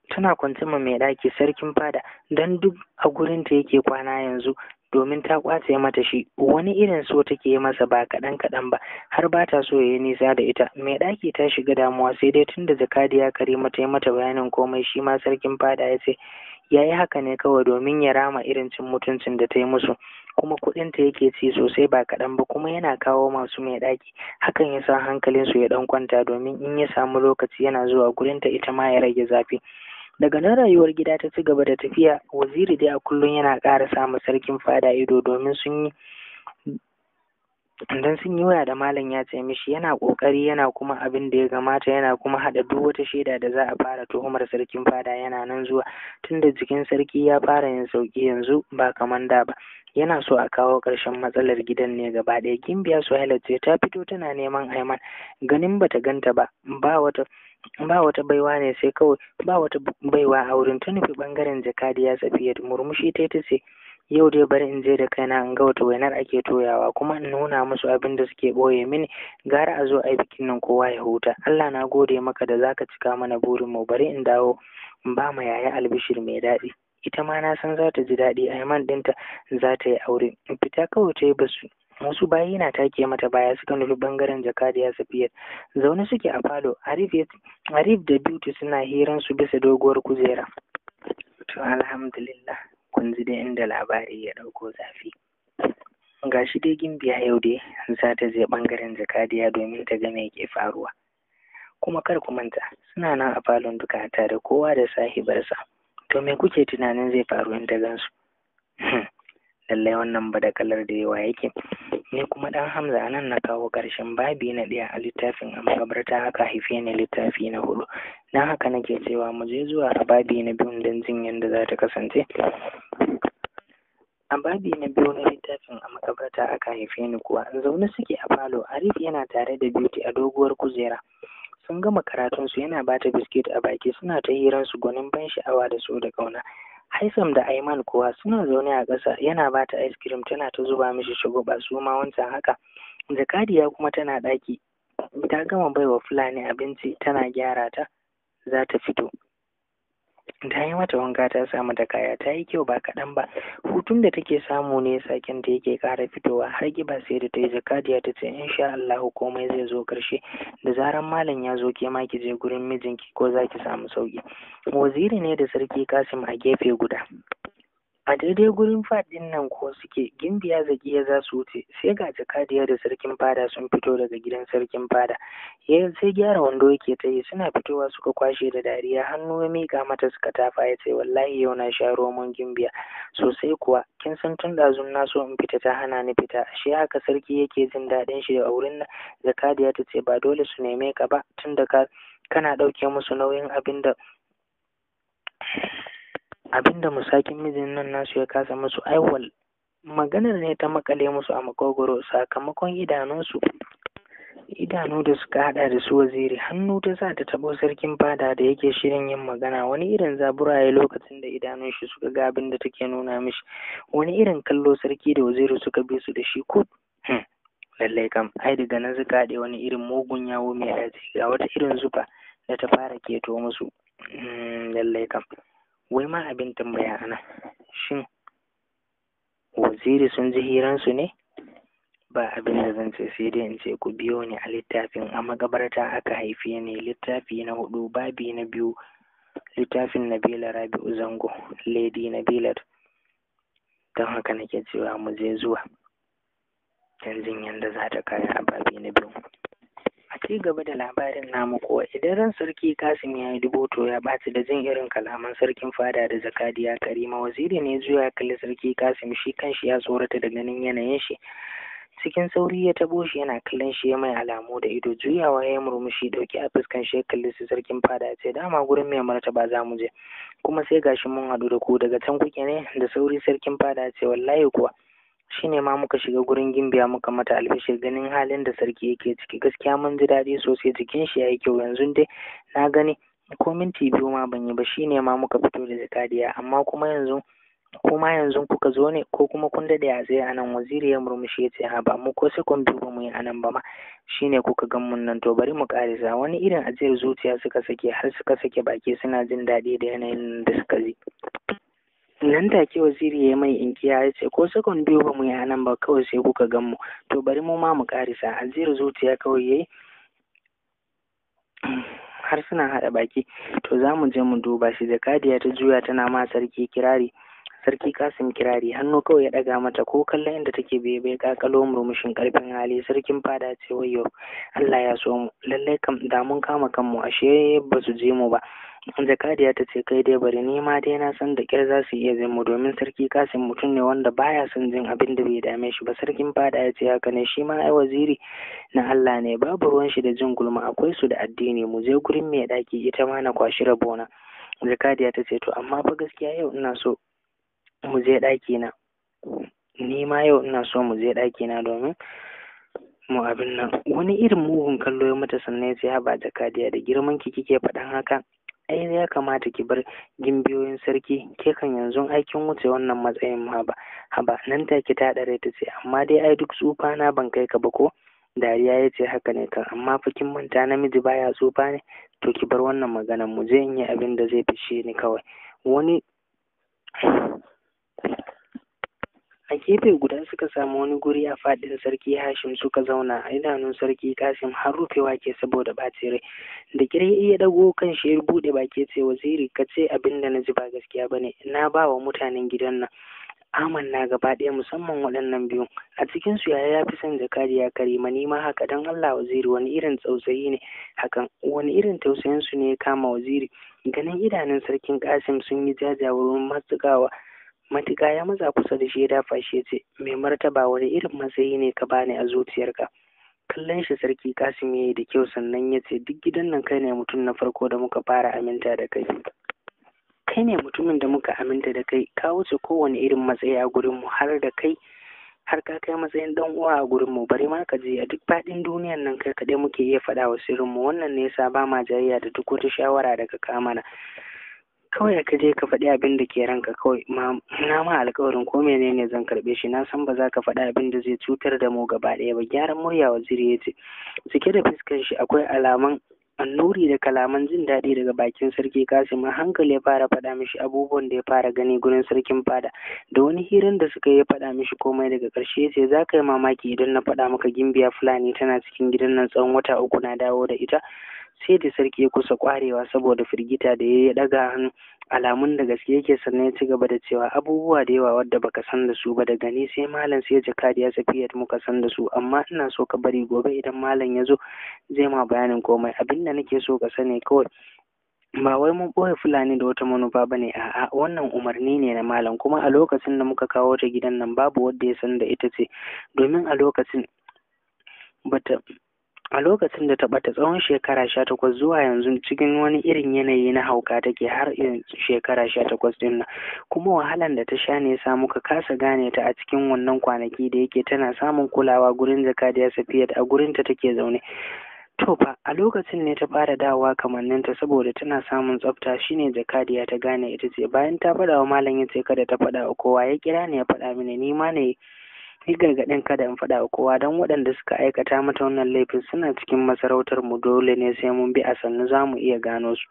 tana kwance ma mai ɗaki sarkin fada don duk a gurinta yake kwana yanzu domin ta kwace mata shi wani irin so take masa ba kaɗan kaɗan ba har ba ta so yayi nisa da ita mai ɗaki ta shiga damuwa sai dai tunda jakadiya karima ta yi mata bayanin komai shi ma sarkin fada ya ce ya yi haka ne kawai domin ya rama irin cin mutuncin da ta yi musu kuma kuɗinta yake ci sosai ba kaɗan ba kuma yana kawo masu mai ɗaki hakan ya sa hankalinsu ya ɗan kwanta domin in ya samu lokaci yana zuwa gurin ta ita ma ya rage zafi Daga nan rayuwar gida ta ci gaba da tafiya, Waziri dai a kullum yana ƙara samu sarkin fada ido domin sun yi dan sun yi waya da malam ya ce mishi yana ƙoƙari yana kuma abin da ya kamata yana kuma haɗa duk wata shaida da za a fara tuhumar sarkin fada yana nan zuwa tunda jikin sarki ya fara yin sauƙi yanzu ba kaman da ba yana so a kawo ƙarshen matsalar gidan ne gaba ɗaya gimbiya suhaila ce ta fito tana neman aiman ganin bata ganta ba ba wata ba wata baiwa ne sai kawai ba wata baiwa a wurin ta nufi bangaren jakadiya safiya murmushi ta ta ce yau dai bari in je da kaina in ga wata wainar ake toyawa kuma in nuna musu abin da suke ɓoye mini gara a zo a yi bikin nan kowa ya huta Allah na gode maka da zaka cika mana burin mu bari in dawo in ba ma yaya albishir mai daɗi ita ma na san za ta ji daɗi A Aiman ɗinta za ta yi aure fita kawai ta yi basu wasu bayi na take mata baya suka nufi bangaren jakadiya safiyar zaune suke a falo arif da beauty suna hiran su bisa doguwar kujera to alhamdulillah kun ji da inda labari ya dauko zafi ga shi dai gimbiya yau dai za ta je bangaren jakadiya domin ta gane ke faruwa kuma kar ku manta suna nan a falon duka tare kowa da sahibarsa to me kuke tunanin zai faru in ta gansu hmm. lallai wannan ba da kalar da yawa yake ni kuma dan hamza nan na kawo karshen babi na ɗaya a littafin a ta haka haife ni littafi na hudu na haka nake cewa mu je zuwa a babi na biyun don jin yadda za ta kasance a babi na biyu na littafin a makabarta aka haife ni kuwa zaune suke a falo arif yana tare da beauty a doguwar kujera sun gama karatunsu yana bata biskit a baki suna ta hirar su gwanin ban sha'awa da su da kauna Haisam da Aiman kowa suna zaune a ƙasa yana ba ta ice cream tana ta zuba mishi ba su ma wancan haka. Jakadiya kuma tana ɗaki ta gama baiwa Fulani abinci tana gyara ta za ta fito. ta yi mata wanka ta samu da kaya ta yi kyau ba kaɗan ba hutun da take samu ne sakin da yake ƙara fitowa har kiba sai da ta yi jakadiya ta ce insha Allah komai zai zo ƙarshe da zaran malam ya zo ke ma ki je gurin mijinki ko za ki samu sauki waziri ne da sarki Kasim a gefe guda a daidai gurin faɗin nan ko suke gimbiya zakiya za su wuce sai ga jakadiyar da sarkin fada sun fito daga gidan sarkin fada ya sai gyara wando yake ta yi suna fitowa suka kwashe da dariya hannu ya miƙa mata suka tafa ya ce wallahi yau na sha romon gimbiya sosai kuwa kin san tun ɗazun na so in fita ta hana ni fita shi haka sarki yake jin daɗin shi a wurin nan jakadiya ta ce ba dole su neme ka ba tun da ka kana ɗauke musu nauyin abin da abinda musakin mijin nan nasu ya kasa musu aiwal maganar ne ta makale musu a makogoro sakamakon idanunsu idanu da suka hada da su waziri hannu ta sa ta tabo sarkin fada da yake shirin yin magana wani irin zabura lokacin da idanun shi suka ga abin da take nuna mishi wani irin kallo sarki da waziri suka bi su da shi ko hmm, lallai kam ai daga nan suka haɗe wani irin mugun yawo mai a ga wata irin zufa da ta fara keto musu hmm, lallai kam wai ma abin tambaya ana shin waziri sun ji hiransu ne ba abin da zan ce sai dai in ce ku biyo ni a littafin a magabarta aka haife ni littafi na hudu babi na biyu littafin nabila rabi'u zango lady nabila don haka nake cewa mu je zuwa canjin yadda za ta kaya a babi na biyu ci gaba da labarin namu kuwa idan ran sarki kasim ya yi to ya ɓaci da jin irin kalaman sarkin fada da zakadiya karima waziri ne zuwa kalli sarki kasim shi kanshi ya tsorata da ganin yanayin shi cikin sauri ya tabo shi yana kallon shi ya mai alamu da ido juyawa ya murmushi dauki a fuskan shi kalli su sarkin fada ya ce dama gurin mai martaba za mu je kuma sai gashi mun haɗu da ku daga can kuke ne da sauri sarkin fada ya ce wallahi kuwa shi ne ma muka shiga gurin gimbiya muka mata albishir ganin halin da sarki yake ciki gaskiya mun ji daɗi sosai jikin shi yayi kyau yanzu dai na gani ko minti biyu ma ban yi ba shi ne ma muka fito da jakadiya amma kuma yanzu ma yanzu kuka zo ne ko kuma kun daɗe a tsaye anan? waziri ya murmushi ya ce ha ba mu ko sekon biyu ba mu yi a nan ba ma shi ne kuka gan mun nan to bari mu ƙarisa wani irin ajiyar zuciya suka sake har suka sake baki suna jin daɗi da yanayin da suka ji nan take waziri ya mai inkiya ya ce ko sakon biyu ba mu yi anan ba kawai sai kuka gan mu to bari mu ma mu karisa azira zuciya kawai yayi har suna haɗa baki to za mu je mu duba shi da jakadiya ta juya tana ma sarki kirari sarki kasim kirari hannu kawai ya ɗaga mata ko kallon inda take bai bai kakalo murmushin karfin hali sarkin fada ce wayo Allah ya so mu lallai kam da mun kama kanmu ashe ba su je mu ba Jakadiya ta ce kai dai bari ni ma dai na san da kyar za su iya bin mu domin sarki kasin mutum ne wanda baya son jin abin da bai dame shi ba sarkin fada ya ce haka ne shi ma ai waziri na Allah ne babu ruwan shi da jin gulma akwai su da addini mu je gurin mai daki ita ma na kwashi rabona Jakadiya ta ce to amma fa gaskiya yau ina so mu je daki na ni ma yau ina so mu je daki na domin mu abin nan wani irin mugun kallo ya mata sannan ya ce haba jakadiya da girman ki kike faɗan haka ai ya kamata ki bar gimbiyoyin sarki ke kan yanzu aikin wuce wannan matsayin ma ba haba nan ta take ta dare ta ce amma dai ai duk tsufa na ban kai ka ba ko dariya ya ce haka ne kan amma fa kin manta namiji baya tsufa ne to ki bar wannan maganan mu je in yi abin da zai shi ni kawai wani A gefe guda suka samu wani guri a faɗin sarki Hashim suka zauna a idanun sarki Kasim har rufewa ke saboda ɓacin rai. Da ƙyar ya iya dago kan shi ya buɗe baki ce waziri ka ce abin da na ji ba gaskiya ba ne na ba wa mutanen gidan nan. Aman na gaba ɗaya musamman waɗannan biyu a cikin su yaya ya fi son zakariya karima ni ma haka dan Allah waziri wani irin tausayi ne hakan wani irin tausayin su ne ya kama waziri ganin idanun sarkin Kasim sun yi jajawurin matsugawa matuƙa ya maza kusa da shi ya dafa shi ya ce mai martaba wani irin matsayi ne ka bani a zuciyarka kallon shi sarki kasim ya yi da kyau sannan ya ce duk gidan nan kai ne mutum na farko da muka fara aminta da kai kai ne mutumin da muka aminta da kai ka wuce kowane irin matsayi a gurinmu har da kai har ka kai matsayin dan uwa a gurinmu bari ma ka je a duk faɗin duniyan nan kai kaɗai muke iya faɗa wa sirrinmu wannan ne yasa ba ma jayayya da duk wata shawara daga kamana kawai ka je ka faɗi abin da ke ranka kawai na ma alƙawarin ko menene zan karɓe shi na san ba za ka faɗi abin da zai cutar da mu gaba ɗaya ba gyaran murya waziri ya ce cike da fuskar shi akwai alaman annuri da kalaman jin daɗi daga bakin sarki kasim a hankali ya fara faɗa mishi abubuwan da ya fara gani gurin sarkin fada da wani hirin da suka yi faɗa mishi komai daga ƙarshe ce, za ka yi mamaki idan na faɗa maka gimbiya fulani tana cikin gidan nan tsawon wata uku na dawo da ita sai da sarki ya kusa kwarewa saboda firgita da ya daga hannu alamun da gaske yake sannan ya ci gaba da cewa abubuwa da yawa wadda baka san da su ba daga ni sai malam sai jaka da ya safiyat muka san da su amma ina so ka bari gobe idan malam ya zo zai ma bayanin komai abin da nake so ka sani kawai ba wai mun ɓoye fulani da wata manufa ba ne a'a wannan umarni ne na malam kuma a lokacin da muka kawo ta gidan nan babu wanda ya san da ita ce domin a lokacin bata a lokacin da ta ɓata tsawon shekara sha takwas zuwa yanzu cikin wani irin yanayi na hauka take har shekara sha takwas ɗin nan kuma wahalan da ta sha ne samu ka kasa gane ta a cikin wannan kwanaki da yake tana samun kulawa gurin zakariya safiyat a gurin ta take zaune To fa a lokacin ne ta fara dawowa kamanninta saboda tana samun tsafta shine jakadiya ta gane ita ce bayan ta faɗa wa malam ya ce kada ta faɗa wa kowa ya kira ni ya faɗa mini ni ma ne ni gargaɗin kada in faɗa wa kowa don waɗanda suka aikata mata wannan laifin suna cikin masarautar mu dole ne sai mun bi a sannu za mu iya gano su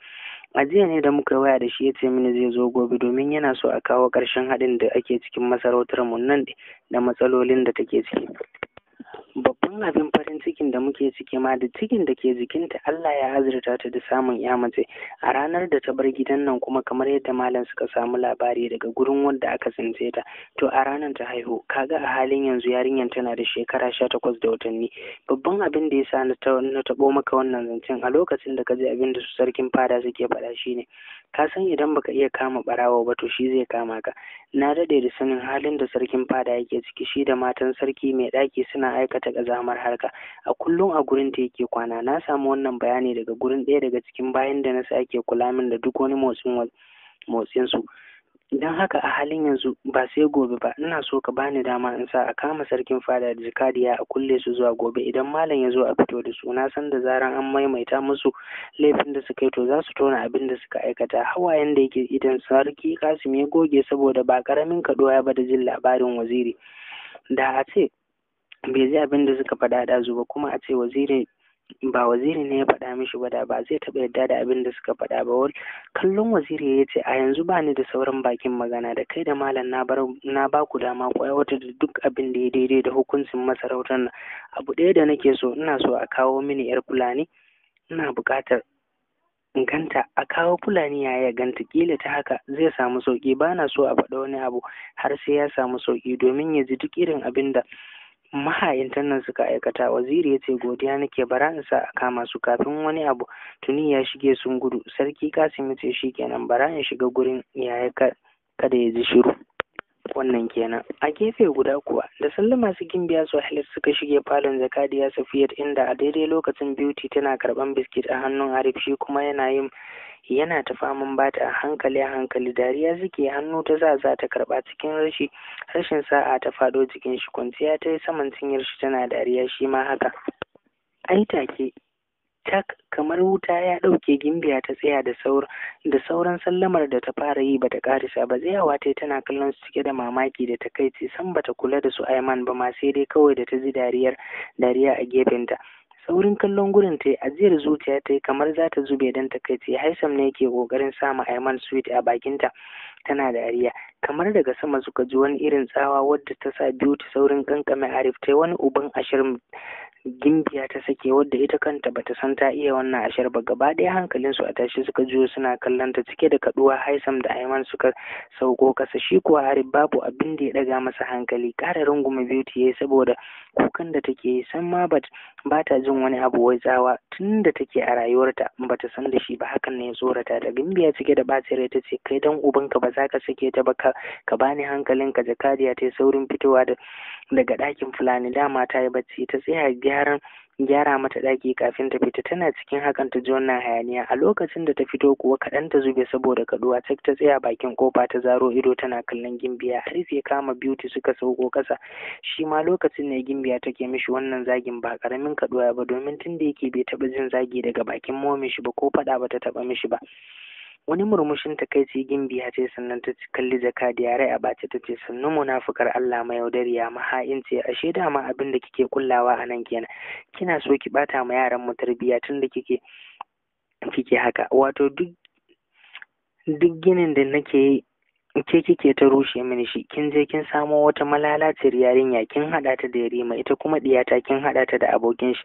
a jiya ne da muka waya da shi ya ce mini zai zo gobe domin yana so a kawo ƙarshen haɗin da ake cikin masarautar mu nan da matsalolin da take ciki babban abin farin cikin da muke ciki ma da cikin da ke jikinta Allah ya azurta ta da samun ya mace a ranar da ta bar gidan nan kuma kamar yadda malam suka samu labari daga gurin wanda aka tsince ta to a ranar ta haihu kaga a halin yanzu yarinyar tana da shekara sha takwas da watanni babban abin da ya sa na taɓo maka wannan zancen a lokacin da ka je abin da su sarkin fada suke faɗa shine ka san idan baka iya kama ɓarawo ba to shi zai kama ka na dade da sanin halin da sarkin fada yake ciki shi da matan sarki mai ɗaki suna aikata ta kazamar harka a kullum a gurin ta yake kwana na samu wannan bayani daga gurin ɗaya daga cikin bayan da na sake kula min da duk wani motsin motsin su don haka a halin yanzu ba sai gobe ba ina so ka bani dama in sa a kama sarkin fada da jikadiya a kulle su zuwa gobe idan malam ya zo a fito da su na san da zaran an maimaita musu laifin da suka yi to za su tona abin da suka aikata hawayen da yake idan sarki kasim ya goge saboda ba karamin ya ba da jin labarin waziri da a ce bai ji abin da suka faɗa da ba kuma a ce waziri ba waziri ne ya faɗa mishi ba da ba zai taɓa yarda da abin da suka faɗa ba wani kallon waziri ya ce a yanzu ba ni da sauran bakin magana da kai da malam na ba ku dama ku aiwatar da duk abin da ya daidai da hukuncin masarautar nan abu ɗaya da nake so ina so a kawo mini yar fulani ina buƙatar ganta a kawo fulani ya ya ganta kila ta haka zai samu sauƙi. ba na so a faɗa wani abu har sai ya samu sauƙi domin ya ji duk irin abin da mahayantan nan suka aikata waziri ya ce godiya nake bara in sa a kama su kafin wani abu tuni ya shige sun gudu sarki kasim ya ce kenan bara in shiga gurin yaya kada ya ji shiru wannan kenan a gefe guda kuwa da sallama masu gimbiya su suka shige falon zakadiya safiyar inda a daidai lokacin beauty tana karban biskit a hannun arif shi kuma yana yin yana ta faman bata a hankali hankali dariya suke hannu ta za za ta karba cikin rashi rashin sa'a ta fado jikin shi kwanciya ta yi saman cinyar shi tana dariya shi ma haka ai take tak kamar wuta ya ɗauke gimbiya ta tsaya da sauran sallamar da ta fara yi bata karisa ba zai tsayawa ta tana kallon su cike da mamaki da takaici san bata kula da su Aiman ba ma sai dai kawai da ta ji dariyar dariya a gefenta saurin kallon gurin ta ajiyar zuciya ta kamar za ta zube don takaici haisam ne ke kokarin sama Aiman sweet a bakinta tana dariya kamar daga sama suka ji wani irin tsawa wadda ta sa beauty saurin kankame arif ta wani uban ashirin gimbiya ta sake wadda ita kanta bata san ta iya wannan ashar ba gaba ɗaya hankalin su a tashi suka juyo suna kallon ta cike da kaduwa haisam da aiman suka sauko kasa shi kuwa hari babu abin da ya ɗaga masa hankali ƙara runguma beauty yayi saboda kukan da take yi san ma ba ta jin wani abu wai tsawa tun da take a rayuwarta bata san da shi ba hakan ne ya tsorata da gimbiya cike da ɓacin rai ta ce kai dan ubanka ba za ka sake ta ba ka bani hankalinka jakadiya ta yi saurin fitowa daga ɗakin fulani dama ta yi bacci ta tsaya yaran gyara mata ɗaki kafin ta fita tana cikin hakan ta ji wannan hayaniya a lokacin da ta fito kuwa kaɗan ta zube saboda kaɗuwa cak ta tsaya bakin kofa ta zaro ido tana kallon gimbiya har ya kama beauty suka sauko ƙasa shi ma lokacin ne gimbiya take mishi wannan zagin ba ƙaramin kaɗuwa ba domin tun da yake bai taɓa jin zagi daga bakin momin shi ba ko faɗa ba ta taɓa mishi ba wani murmushin ta takaici gimbiya ce sannan ta kalli jaka da yare a bace ta ce sannu munafukar Allah ma yaudariya maha'in ce ashe dama abin da kike kullawa a nan kenan kina so ki bata ma yaran mu tarbiyya tun da kike kike haka wato duk duk ginin da nake ke kike ta rushe mini shi kin je kin samo wata malalaciyar yarinya kin haɗa ta da yarima ita kuma diyata kin haɗa ta da abokin shi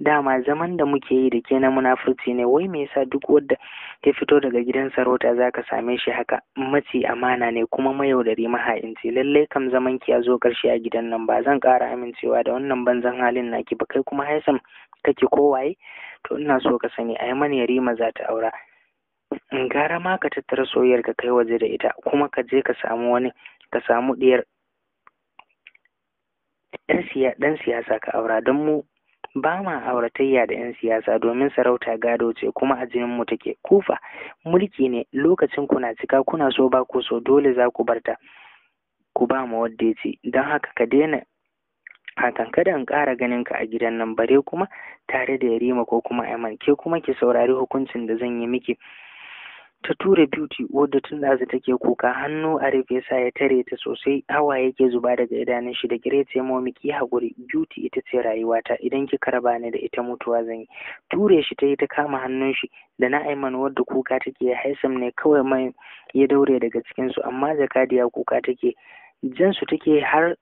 dama zaman da muke yi da ke na munafurci ne wai me yasa duk wanda ya fito daga gidan sarauta zaka same shi haka maci amana ne kuma mayaudari maha'inci lallai kam zaman ki ya zo ƙarshe a gidan nan ba zan ƙara amincewa da wannan banzan halin naki ba kai kuma haisam kake kowaye to ina so ka sani a yi yarima za ta aura In mm, gara ma ka tattara soyayyar ka kai waje da ita kuma ka je ka samu wani ka samu diyar ɗan siyasa ka aura don mu ba ma auratayya da 'yan siyasa domin sarauta gado ce kuma a jinin mu take kufa mulki ne lokacin kuna cika kuna so ba ku so dole za ku barta ku ba mu wadda ce don haka ka daina hakan kada in ƙara ganin ka a gidan nan bare kuma tare da yarima ko kuma aiman ke kuma ki saurari hukuncin da zan yi miki ta Ture beauty wadda tun da take kuka hannu a rufe sa ya tare ta sosai hawa yake zuba daga idanun shi da gire ce momi ki hakuri beauty ita ce rayuwata idan kika karba ni da ita mutuwa zan yi ture shi ta yi ta kama hannun shi da na aiman wadda kuka take haisam ne kawai mai ya daure daga cikin su amma jakadiya kuka take jan su take har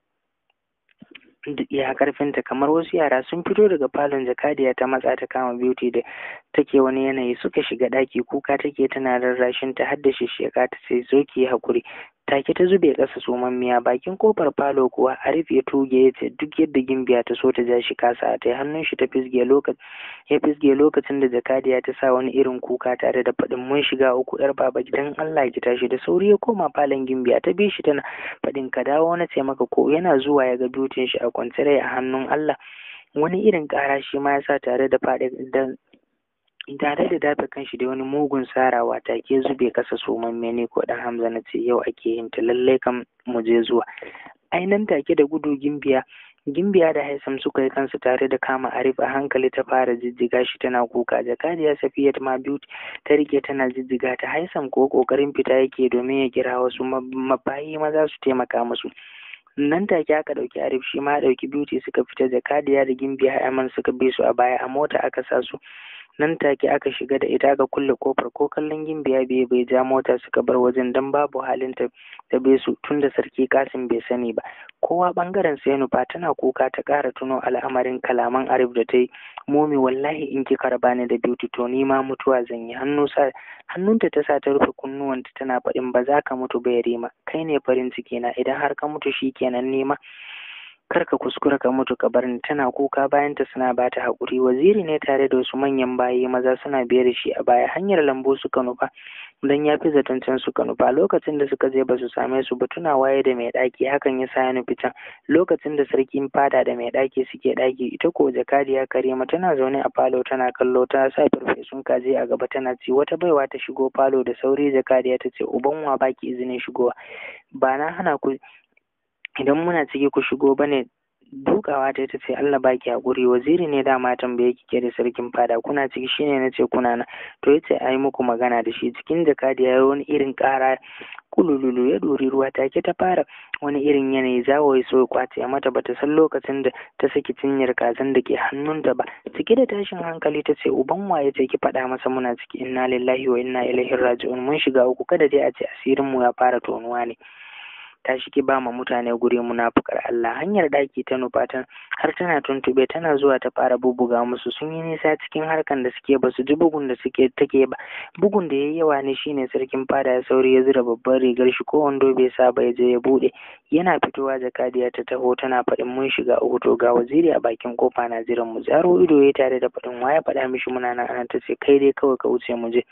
ya karfinta kamar wasu yara sun fito daga falon jakadiya ta matsa ta kama beauty da take wani yanayi suka shiga ɗaki kuka take tana rarrashin ta har da shisheka ta sai zoki hakuri take ta zube ƙasa miya bakin kofar falo kuwa a ya tuge ya ce duk yadda gimbiya ta so ta ja shi kasa ta hannun shi ta fisge lokacin ya fisge lokacin da jakadiya ta sa wani irin kuka tare da faɗin mun shiga uku yar baba gidan Allah ki tashi da sauri ya koma falon gimbiya ta bi shi tana faɗin ka dawo na ce maka ko yana zuwa ya ga dutin shi a kwance rai a hannun Allah wani irin ƙara shi ma ya sa tare da faɗi tare da dafe shi da wani mugun sarawa take zube kasa somamme ne ko dan Hamza na ce yau ake yin ta lallai kam mu je zuwa Ainan take da gudu gimbiya gimbiya da haisam suka yi kansu tare da kama arif a hankali ta fara jijjiga shi tana kuka jakadiya safiyat ma beauty ta rike tana jijjiga ta haisam ko kokarin fita yake domin ya kira wasu mabayi maza su taimaka musu nan take aka ɗauki arif shi ma ɗauki beauty suka fita jakadiya da gimbiya hayaman suka bi su a baya a mota aka sa su nan take aka shiga da ita aka kulle kofar ko kallon gimbiya biye bai ja mota suka bar wajen dan babu halin ta ta be su tunda sarki kasim bai sani ba kowa bangaren sai nufa tana kuka ta ƙara tuno al'amarin kalaman arif da ta yi momi wallahi in kika raba ni da beauty to ni ma mutuwa zan yi hannu sa hannunta ta sa ta rufe kunnuwanta tana faɗin ba za ka mutu ba yarima kai ne farin ciki na idan har ka mutu shi shikenan nema kar ka kuskura ka mutu ka bar ni tana kuka bayan ta suna ba ta haƙuri waziri ne tare da wasu manyan bayi maza suna biye da shi a baya hanyar lambu suka nufa don ya fi zaton can suka nufa lokacin da suka je ba su same su ba tuna waye da mai ɗaki hakan ya sa ya nufi lokacin da sarkin fada da mai ɗaki suke ɗaki ita ko jakadiya karima tana zaune a falo tana kallo ta sa farfesun kaji a gaba tana ci wata baiwa ta shigo falo da sauri jakadiya ta ce uban wa baki izinin shigowa ba na hana ku idan muna ciki ku shigo bane dukawa ta ta ce Allah baki hakuri waziri ne dama tambaye ki ke da sarkin fada kuna ciki shine nace kuna na to yace ai muku magana da shi cikin jakadi ya yi wani irin ƙara kulululu ya dori ruwa take ta fara wani irin yanayi zawayi ya so kwace mata bata san lokacin da ta saki cinyar kazan da ke hannunta ba Ciki da tashin hankali ta ce uban waye ce ki faɗa masa muna ciki inna lillahi wa inna ilaihi raji'un mun shiga uku kada dai a ce asirin mu ya fara tonuwa ne ta shiki ba ma mutane guri munafukar Allah hanyar daki ta nufatan har tana tuntube tana zuwa ta fara bubuga musu sun yi nisa cikin harkan da suke ba su ji bugun da suke take ba bugun da yayi yawa ne shine sarkin fada ya sauri ya zura babban rigar shi ko wando bai sa ba ya je ya bude yana fitowa jakadiya ta taho tana faɗin mun shiga uku to ga waziri a bakin kofa na jiran mu zaro ido ya tare da faɗin waya faɗa mishi muna nan ta ce kai dai kawai ka wuce mu je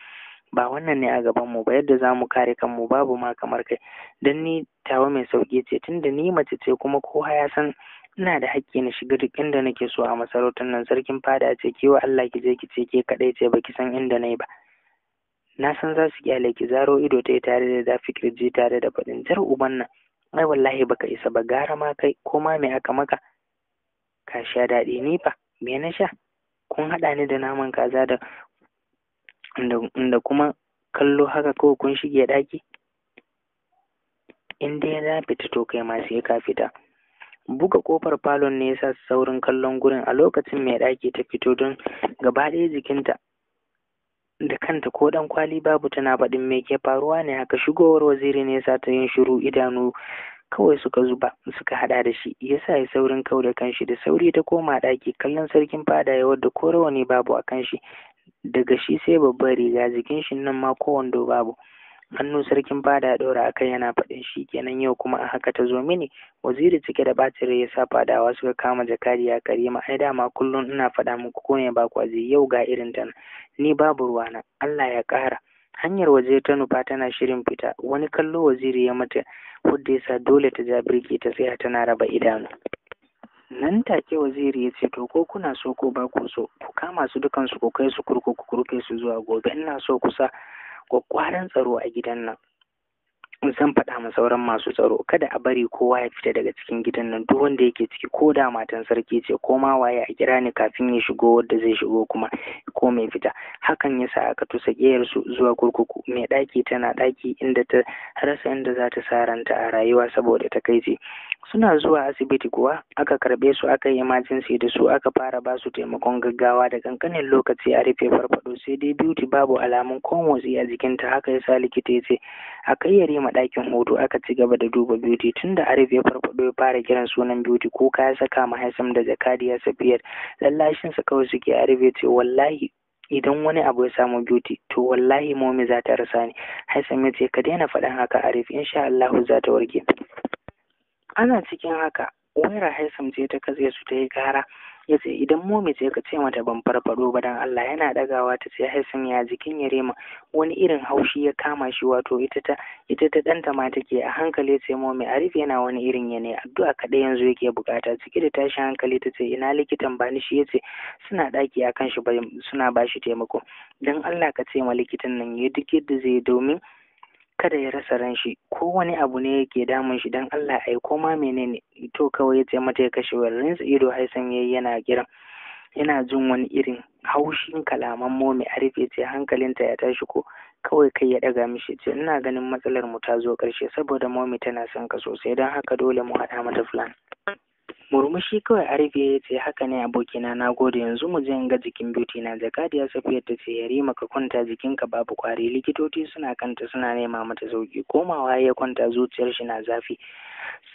ba wannan ne a gaban mu ba yadda za mu kare kanmu babu ma kamar kai dan ni tawa mai sauki ce tunda ni mace ce kuma kowa ya san ina da hakki na shiga duk inda nake so a masarautar nan sarkin fada ce ke wa Allah ki je ki ce ke kaɗai ce baki san inda nayi ba na san za su kyale ki zaro ido ta yi tare da zafi kirji tare da faɗin jar uban nan ai wallahi baka isa ba gara ma kai ko ma me aka maka ka sha daɗi ni fa me na sha kun haɗa ni da naman kaza da da kuma kallo haka kawai kun shige ɗaki in dai na fita to kai ma sai ka fita buga kofar falon ne yasa saurin kallon gurin a lokacin mai ɗaki ta fito don gaba ɗaya jikinta da kanta ko ɗan kwali babu tana faɗin me ke faruwa ne haka shigowar waziri ne yasa ta yin shiru idanu kawai suka zuba suka haɗa da shi yasa ya saurin kau da kanshi da sauri ta koma ɗaki kallon sarkin fada ya wadda ko ne babu a kanshi daga shi sai babban riga jikin shi nan ma ko wando babu hannu sarkin fada ya ɗora akai yana faɗin shi kenan yau kuma a haka ta zo mini waziri cike da ɓacin rai ya sa fadawa suka kama jakadiya karima ai dama kullum ina faɗa muku ko ne ba kwazi yau ga irin ta ni babu na, Allah ya ƙara hanyar waje ta nufa tana shirin fita wani kallo waziri ya mata wadda ya sa dole ta ja birki ta tsaya tana raba idanu nan take waziri ya ce to ko kuna so ko ba ku so ku kama su dukansu ku kai su kurkuku kurkuku su zuwa gobe ina so kusa sa tsaro a gidan nan Zan faɗa ma sauran masu tsaro kada a bari kowa ya fita daga cikin gidan nan duk wanda yake ciki ko da matan sarki ce ko ma waye a kira ni kafin ya shigo wanda zai shigo kuma ko mai fita hakan yasa aka tusa kiyar su zuwa kurkuku mai ɗaki tana ɗaki inda ta rasa inda za ta saranta a rayuwa saboda ta kai ce suna zuwa asibiti kuwa aka karɓe su aka yi emergency da su aka fara ba su taimakon gaggawa da kankanin lokaci a rufe farfado sai dai beauty babu alamun ko motsi a jikinta haka yasa likita ya ce a kayyare ma ɗakin hoto, aka ci gaba da duba Beauty tun da Arif ya farfaɗo ya fara kiran sunan Beauty ko ka saka ma Haisam da ya Safiyar lallashin sa kawai suke Arif ya ce wallahi idan wani abu ya samu Beauty to wallahi momi za ta rasa ni Haisam ya ce ka daina faɗan haka Arif insha Allah za ta warke ana cikin haka wayar Haisam ce ta kaze su ta yi gara ya ce idan momi ce ka ce mata ban farfado ba dan Allah yana dagawa ta ce hasin ya jikin yarema wani irin haushi ya kama shi wato ita ta ita ta danta ma take a hankali ce momi Arif yana wani irin yane addu'a kaɗai yanzu yake bukata ciki da tashi hankali ta ce ina likitan ba bani shi ya ce suna ɗaki akan shi suna bashi taimako dan Allah ka ce ma likitan nan ya duk yadda zai domin kada ya rasa ran shi ko wani abu ne yake damun shi dan Allah ai ko ma menene to kawai ya ce mata ya kashe warin ido Haisan yayi yana kira yana jin wani irin haushin kalaman momi a rufe ce hankalinta ya tashi ko kawai kai ya daga mishi ce ina ganin matsalar mu ta zo karshe saboda momi tana son ka sosai don haka dole mu haɗa mata fulani. murmushi kawai rufe ya ce haka ne abokina na gode yanzu mu je ga jikin beauty na jakadiya safiya ta ce yarima maka kwanta jikinka babu kwari likitoci suna kanta suna nema mata sauki komawa ya kwanta zuciyar shi na zafi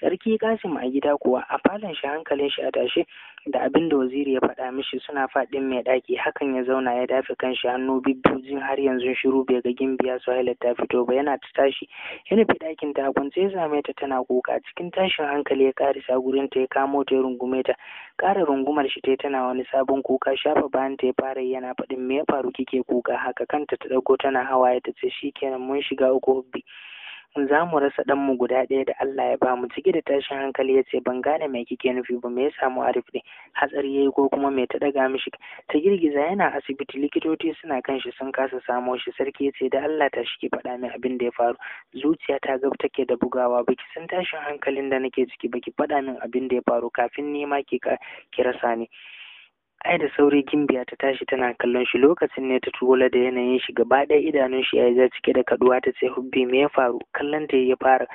sarki kasim a gida kuwa a falon shi hankalin shi a tashe da abin da waziri ya faɗa mishi suna faɗin mai ɗaki hakan ya zauna ya dafe shi hannu bibbiyu jin har yanzu shiru bai ga gimbiya suhaila ta fito ba yana ta tashi ya nufi ɗakin ta kwance ya same ta tana kuka cikin tashin hankali ya karisa gurin ta ya kamo ta ya rungume ta kara rungumar shi ta tana wani sabon kuka shafa bayan ta ya fara yana faɗin me ya faru kike kuka haka kanta ta ɗauko tana hawa ya ta ce shikenan mun shiga uku bi za mu rasa ɗanmu guda ɗaya da Allah ya ba mu cike da tashin hankali ya ce ban gane mai kike nufi ba me ya samu Arif ne hatsari yayi ko kuma me ta daga mishi ta girgiza yana asibiti likitoci suna kan shi sun kasa samo shi sarki ya ce da Allah ta shike faɗa min abin da ya faru zuciya ta gab take da bugawa baki san tashin hankalin da nake ciki baki faɗa min abin da ya faru kafin ni ma ki rasa ni ai da sauri gimbiya ta tashi tana kallon shi lokacin ne ta tuwola da yanayin shi gaba ɗaya idanun shi yayi za cike da kaduwa ta ce hubbi me ya faru kallon ta ya fara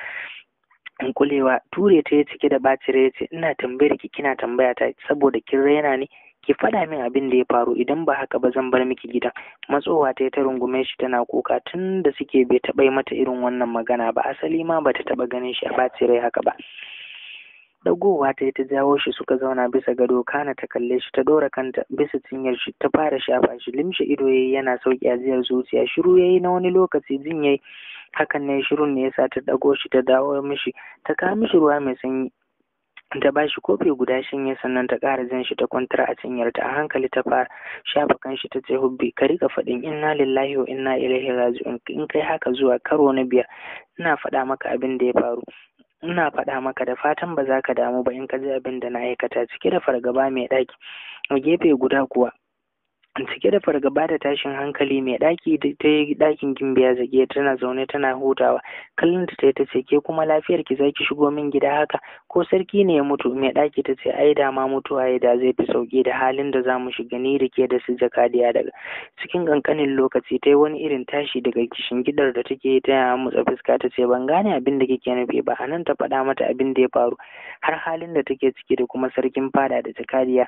kulewa ture ta ya cike da bacire ya ce ina tambayar ki kina tambaya ta saboda kin raina ne ki faɗa min abin da ya faru idan ba haka ba zan bar miki gidan matsowa ta ta rungume shi tana kuka tun da suke bai taɓa mata irin wannan magana ba asali ma bata taɓa ganin shi a bacire haka ba Ɗagowa ta yi ta jawo shi suka zauna bisa gado kana ta kalle shi ta dora kanta bisa cinyar shi ta fara shafa shi limshe ido yayi yana sauki ajiyar zuciya shiru yayi na wani lokaci jin yayi hakan ne shirun ne sa ta dago shi ta dawo mishi ta kawo mishi ruwa mai sanyi ta ba shi kofi guda shanye sannan ta ƙara jan shi ta kwantar a cinyar ta a hankali ta fara shafa kanshi ta ce hubbi ka riƙa faɗin inna lillahi wa inna ilaihi raji'un in kai haka zuwa karo na biyar ina faɗa maka abin da ya faru ina faɗa maka da fatan ba za ka damu ba in ka ji abin da na aikata cike da fargaba mai ɗaki a gefe guda kuwa cike da fargaba da tashin hankali mai ɗaki ta yi ɗakin gimbiya zage tana zaune tana hutawa kallon ta ta ce ke kuma lafiyar ki zaki shigo min gida haka ko sarki ne ya mutu mai ɗaki ta ce ai da ma mutuwa ya da zai fi sauki da halin da zamu mu shiga ni da ke da su jakadiya daga cikin kankanin lokaci ta yi wani irin tashi daga kishin gidar da take ta ya mutsa fuska ta ce ban gane abin da kike nufi ba a ta faɗa mata abin da ya faru har halin da take ciki da kuma sarkin fada da jakadiya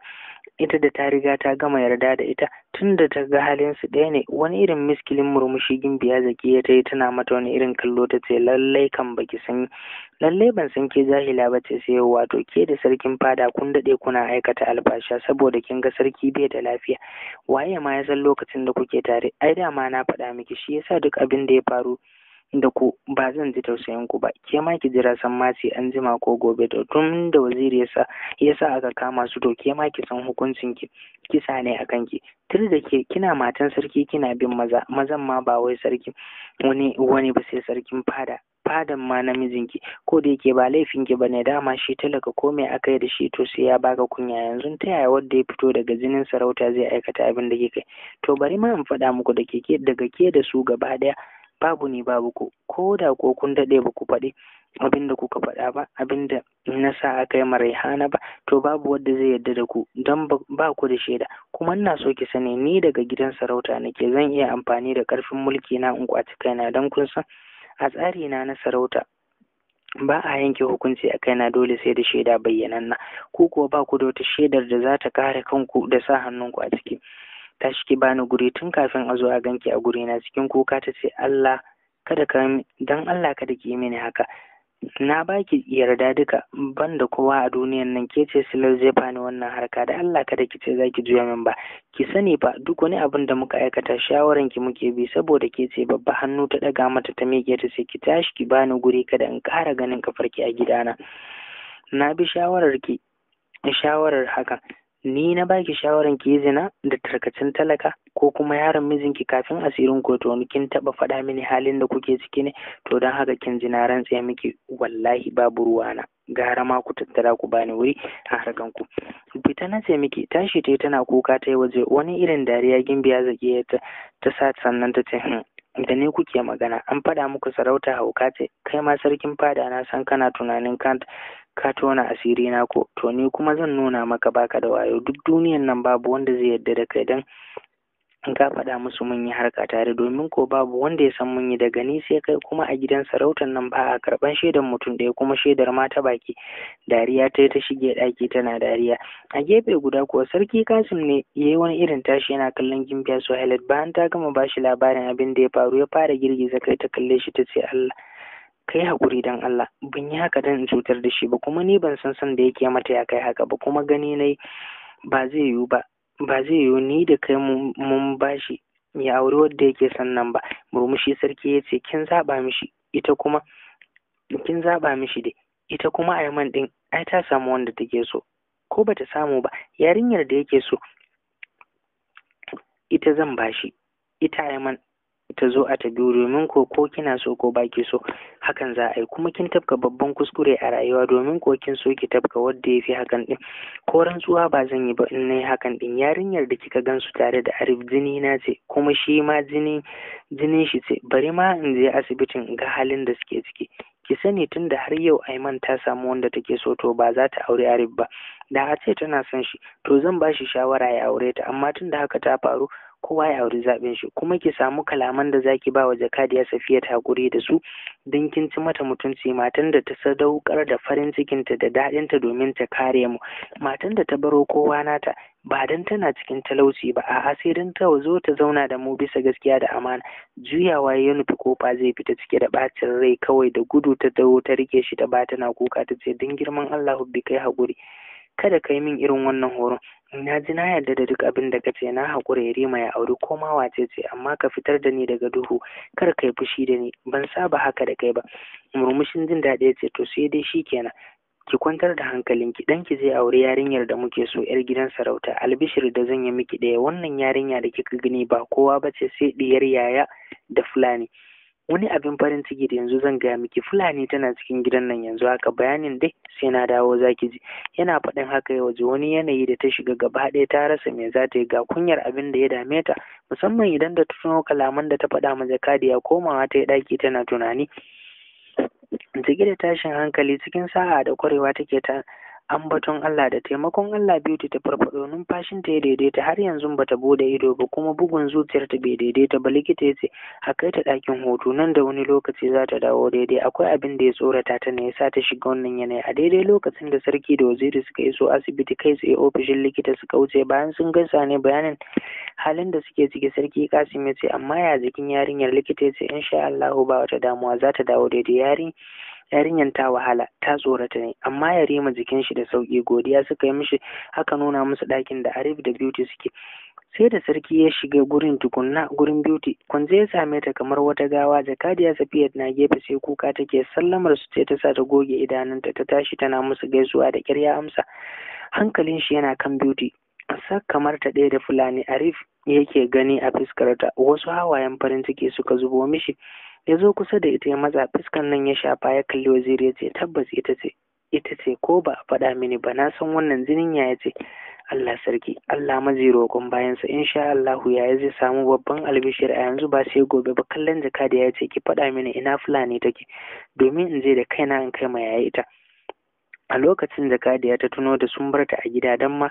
ita da ta riga ta gama yarda da ita tunda ta ga halinsu ɗaya ne wani irin miskilin murmushi gimbiya zakiya ta yi tana mata wani irin kallo ta ce lallai kan baki san lallai ban san ke jahila ba ce sai wato ke da sarkin fada kun daɗe kuna aikata albasha saboda kin ga sarki bai da lafiya waye ma ya san lokacin da kuke tare ai dama na faɗa miki shi yasa duk abin da ya faru da ku ba zan ji tausayin ku ba ke ma ki jira san ma sai an jima ko gobe da tun da waziri yasa yasa aka kama su to ke ma ki san hukuncin ki kisa ne akan ki tun da ke kina matan sarki kina bin maza mazan ma ba wai sarki wani wani ba sai sarkin fada fadan ma namijinki ko da yake ba laifin laifinki bane dama shi talaka ko me aka yi da shi to sai ya baka kunya yanzu ta yaya wanda ya fito daga jinin sarauta zai aikata abin da kike to bari ma in faɗa muku da ke daga ke da su gaba daya babu ni babu ku ko da ko kun daɗe ba ku faɗi abinda kuka faɗa ba abinda na sa aka yi maraihana ba to babu wanda zai yarda da ku don ba ku da shaida kuma ina so ki sani ni daga gidan sarauta nake zan iya amfani da ƙarfin mulki na in kwaci kaina don kun san a tsari na na sarauta ba a yanke hukunci a kaina dole sai da shaida bayyananna ko kuwa ba ku da wata shaidar da za ta kare kanku da sa hannunku a ciki tashi ki bani guri tun kafin a zo a ganki a guri na cikin kuka ta ce Allah kada ka dan Allah kada ki yi mini haka na baki yarda duka banda kowa a duniyan nan ke ce silar zai fani wannan harka da Allah kada ki ce za ki juya min ba ki sani ba duk wani abin da muka aikata shawaran ki muke bi saboda ke ce babba hannu ta daga mata ta miƙe ta ce ki tashi ki bani guri kada in ƙara ganin kafarki a gidana na bi shawarar ki shawarar hakan ni na baki shawaran ki zina da tarkacin talaka ko kuma yaron mijinki kafin asirin kotu to kin taba faɗa mini halin da kuke ciki ne to don haka kin ji na miki wallahi babu ruwana gara ma ku tattara ku bani wuri a harkan ku fita na ce miki tashi tai tana kuka ta yi waje wani irin dariya gimbiya ya ta ta sa sannan ta ce hmm, da ne kuke magana an faɗa muku sarauta hauka ce kai ma sarkin fada na san kana tunanin kanta ka tona asiri na ko to ni kuma zan nuna maka baka da wayo duk duniyan nan babu wanda zai yarda da kai dan in ka faɗa musu mun yi harka tare domin ko babu wanda ya san mun yi daga ni sai kai kuma a gidan sarautar nan ba a karɓan shaidar mutum ɗaya kuma shaidar mata baki dariya ta ta shige ɗaki tana dariya a gefe guda kuwa sarki kasim ne ya yi wani irin tashi yana kallon gimbiya suhailat bayan ta gama ba shi labarin abin da ya faru ya fara girgiza kai ta kalle shi ta ce allah ka yi haƙuri don Allah ban yi haka dan in cutar da shi ba kuma ni ban san san da yake mata ya kai haka ba kuma gani na ba zai yiwu ba ba zai yiwu ni da kai mun bashi ya aure wadda yake sannan ba murmushi sarki ya ce kin zaɓa mishi ita kuma kin zaba mishi dai ita kuma Ayman ɗin ai ta samu wanda take so ko ba ta samu ba yarinyar da yake so ita zan bashi ita man. ta zo a tabiyu domin ko ko kina so ko baki so hakan za a yi kuma kin tafka babban kuskure a rayuwa domin ko kin so ki tafka wadda ya fi hakan din ko rantsuwa ba zan yi ba in nayi hakan din yarinyar da kika gansu tare da arif jini na ce kuma shi ma jini jinin shi ce bari ma in je asibitin ga halin da suke ciki ki sani tun da har yau Aiman ta samu wanda take so to ba za ta aure Arif ba da a ce tana son shi to zan ba shi shawara ya aure ta amma tun da haka ta faru kowa ya auri zaɓin shi kuma ki samu kalaman da zaki ba wa jakadiya safiya ta hakuri da su don kin ci mata mutunci matan da ta sadaukar da farin cikinta da daɗinta domin ta kare mu matan da ta baro kowa nata ba dan tana cikin talauci ba a'a sai don ta zo ta zauna da mu bisa gaskiya da amana juyawa ya nufi kofa zai fita cike da bacin rai kawai da gudu ta taho ta rike shi ta ba tana kuka ta ce don girman Allah bi kai haƙuri kada ka yi min irin wannan horon na ji na yarda da duk abin da ce, na haƙura ya rima ya auri ko ma wace ce amma ka fitar da ni daga duhu kar ka yi fushi da ni ban saba haka da kai ba murmushin jin daɗi ya ce to sai dai shi kenan ki kwantar da hankalinki ki zai aure yarinyar da muke so yar gidan sarauta albishir da zan yi miki ɗaya wannan yarinya da kika gani ba kowa ba ce sai ɗiyar yaya da fulani wani abin farin ciki da yanzu zan gaya miki fulani tana cikin gidan nan yanzu haka bayanin dai sai na dawo zaki ji yana faɗin haka ya waje wani yanayi da ta shiga gaba ɗaya ta rasa me za ta yi ga kunyar abin da ya dame ta musamman idan da ta tuno kalaman da ta faɗa ma ya komawa ta yi ɗaki tana tunani jiki da tashin hankali cikin sa'a da kwarewa take ta ambaton Allah da taimakon Allah biyu ta farfado ta ya daidaita har yanzu ba ta bude ido ba kuma bugun zuciyarta bai daidaita ba likita ya ce a kai ta ɗakin hutu nan da wani lokaci za ta dawo daidai akwai abin da ya tsorata ta ne ya sa ta shiga wannan yanayi a daidai lokacin da sarki da waziri suka iso asibiti kai tsaye ofishin likita suka wuce bayan sun gaisa ne bayanin halin da suke ciki sarki kasim ya ce amma ya jikin yarinyar likita ya ce insha Allah ba wata damuwa za ta dawo daidai yarin yarinyar ta wahala ta tsorata ne amma ya rima jikin shi da sauki godiya suka yi mishi haka nuna musu ɗakin da arif da beauty suke sai da sarki ya shiga gurin tukunna gurin beauty kwanze ya same ta kamar wata gawa jakadiya safiyar na gefe sai kuka take sallamar su ce ta sa ta goge idanunta ta tashi tana musu gaisuwa da kirya amsa hankalin shi yana kan beauty sa kamar ta ɗaya da fulani arif yake gani a fuskarta wasu hawayen farin ciki suka zubo mishi ya zo kusa da ita ya maza fuskan nan ya shafa ya kalli waziri ya ce tabbas ita ce ita ce ko ba a faɗa mini ba na san wannan jinin ya ce Allah sarki Allah maji roƙon bayansa insha Allah ya zai samu babban albishir a yanzu ba sai gobe ba kallon jaka da ya ce ki faɗa mini ina fulani take domin in je da kaina in kai ma yayi ita a lokacin jaka da ya ta tuno da sun bar a gida don ma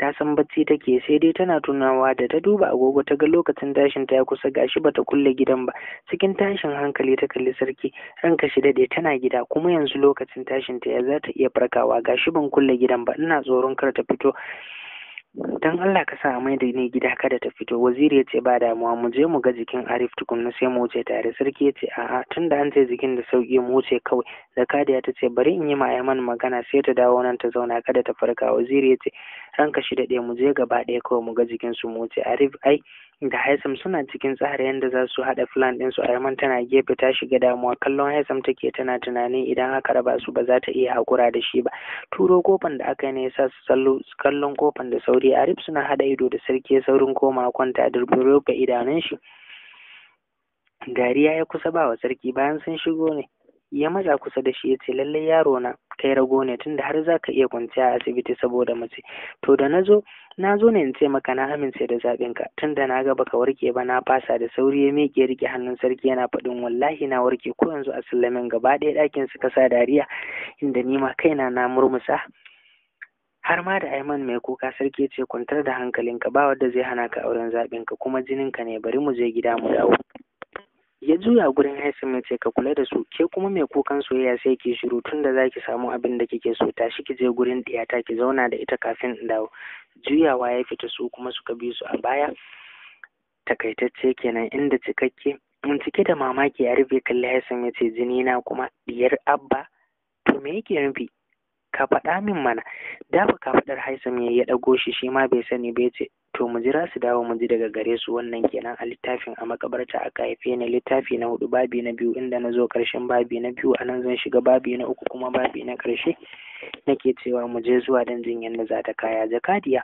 ta san bacci take sai dai tana tunawa da ta duba agogo ta ga lokacin tashin ta ya kusa gashi bata kulle gidan ba cikin tashin hankali ta kalli sarki ranka shi dade tana gida kuma yanzu lokacin tashin ta ya zata iya farkawa gashi ban kulle gidan ba ina tsoron kar ta fito dan Allah ka sa mai da ni gida kada ta fito waziri ya ce ba damuwa mu je mu ga jikin Arif tukunna sai mu wuce tare sarki ya ce a'a tunda an ce jikin da sauki mu wuce kawai zakariya ta ce bari in yi ma Yaman magana sai ta dawo nan ta zauna kada ta farka waziri ya ce ranka shi ɗaya, mu je gaba ɗaya kawai mu ga jikin su mu wuce arif ai da haisam suna cikin tsara yadda za su haɗa filan ɗin su arman tana gefe ta shiga damuwa kallon haisam take tana tunanin idan aka raba su ba za ta iya haƙura da shi ba turo kofan da aka yi ne yasa su kallon kofan da sauri arif suna haɗa ido da sarki saurin koma kwanta da rufe idanun shi dariya ya kusa ba wa sarki bayan sun shigo ne ya maza kusa da shi ya ce lallai yaro na kai rago ne tunda har za ka iya kwanciya a asibiti saboda mace to da na zo na zo ne in ce maka na amince da zaɓin ka tunda na ga baka warke ba na fasa da sauri ya miƙe rike hannun sarki yana faɗin wallahi na warke ko yanzu a sallamin gaba ɗaya ɗakin suka sa dariya inda ni ma kaina na murmusa har ma da Aiman mai kuka sarki ce kwantar da hankalinka ba wanda zai hana ka auren ka kuma jinin ka ne bari mu je gida mu dawo ya juya gurin Haisim ya ce ka kula da su ke kuma mai kukan soyayya sai ki shiru tun tunda zaki samu abin da kike so tashi ki je gurin ɗiyata ki zauna da ita kafin in dawo juyawa ya fita su kuma suka bi su a baya takaitacce kenan inda cikakke in cike da mamaki a rufe kalli Haisim ya ce jini na kuma diyar abba to me yake nufi ka faɗa min mana dafa kafaɗar Haisim ya ya ɗago shi shi ma bai sani ba ce to mu jira su dawo mu ji daga gare su wannan kenan a littafin a makabarta a kaife ni littafi na hudu babi na biyu inda na zo karshen babi na biyu a nan zan shiga babi na uku kuma babi na karshe nake cewa mu je zuwa dan jin yadda za ta kaya jakadiya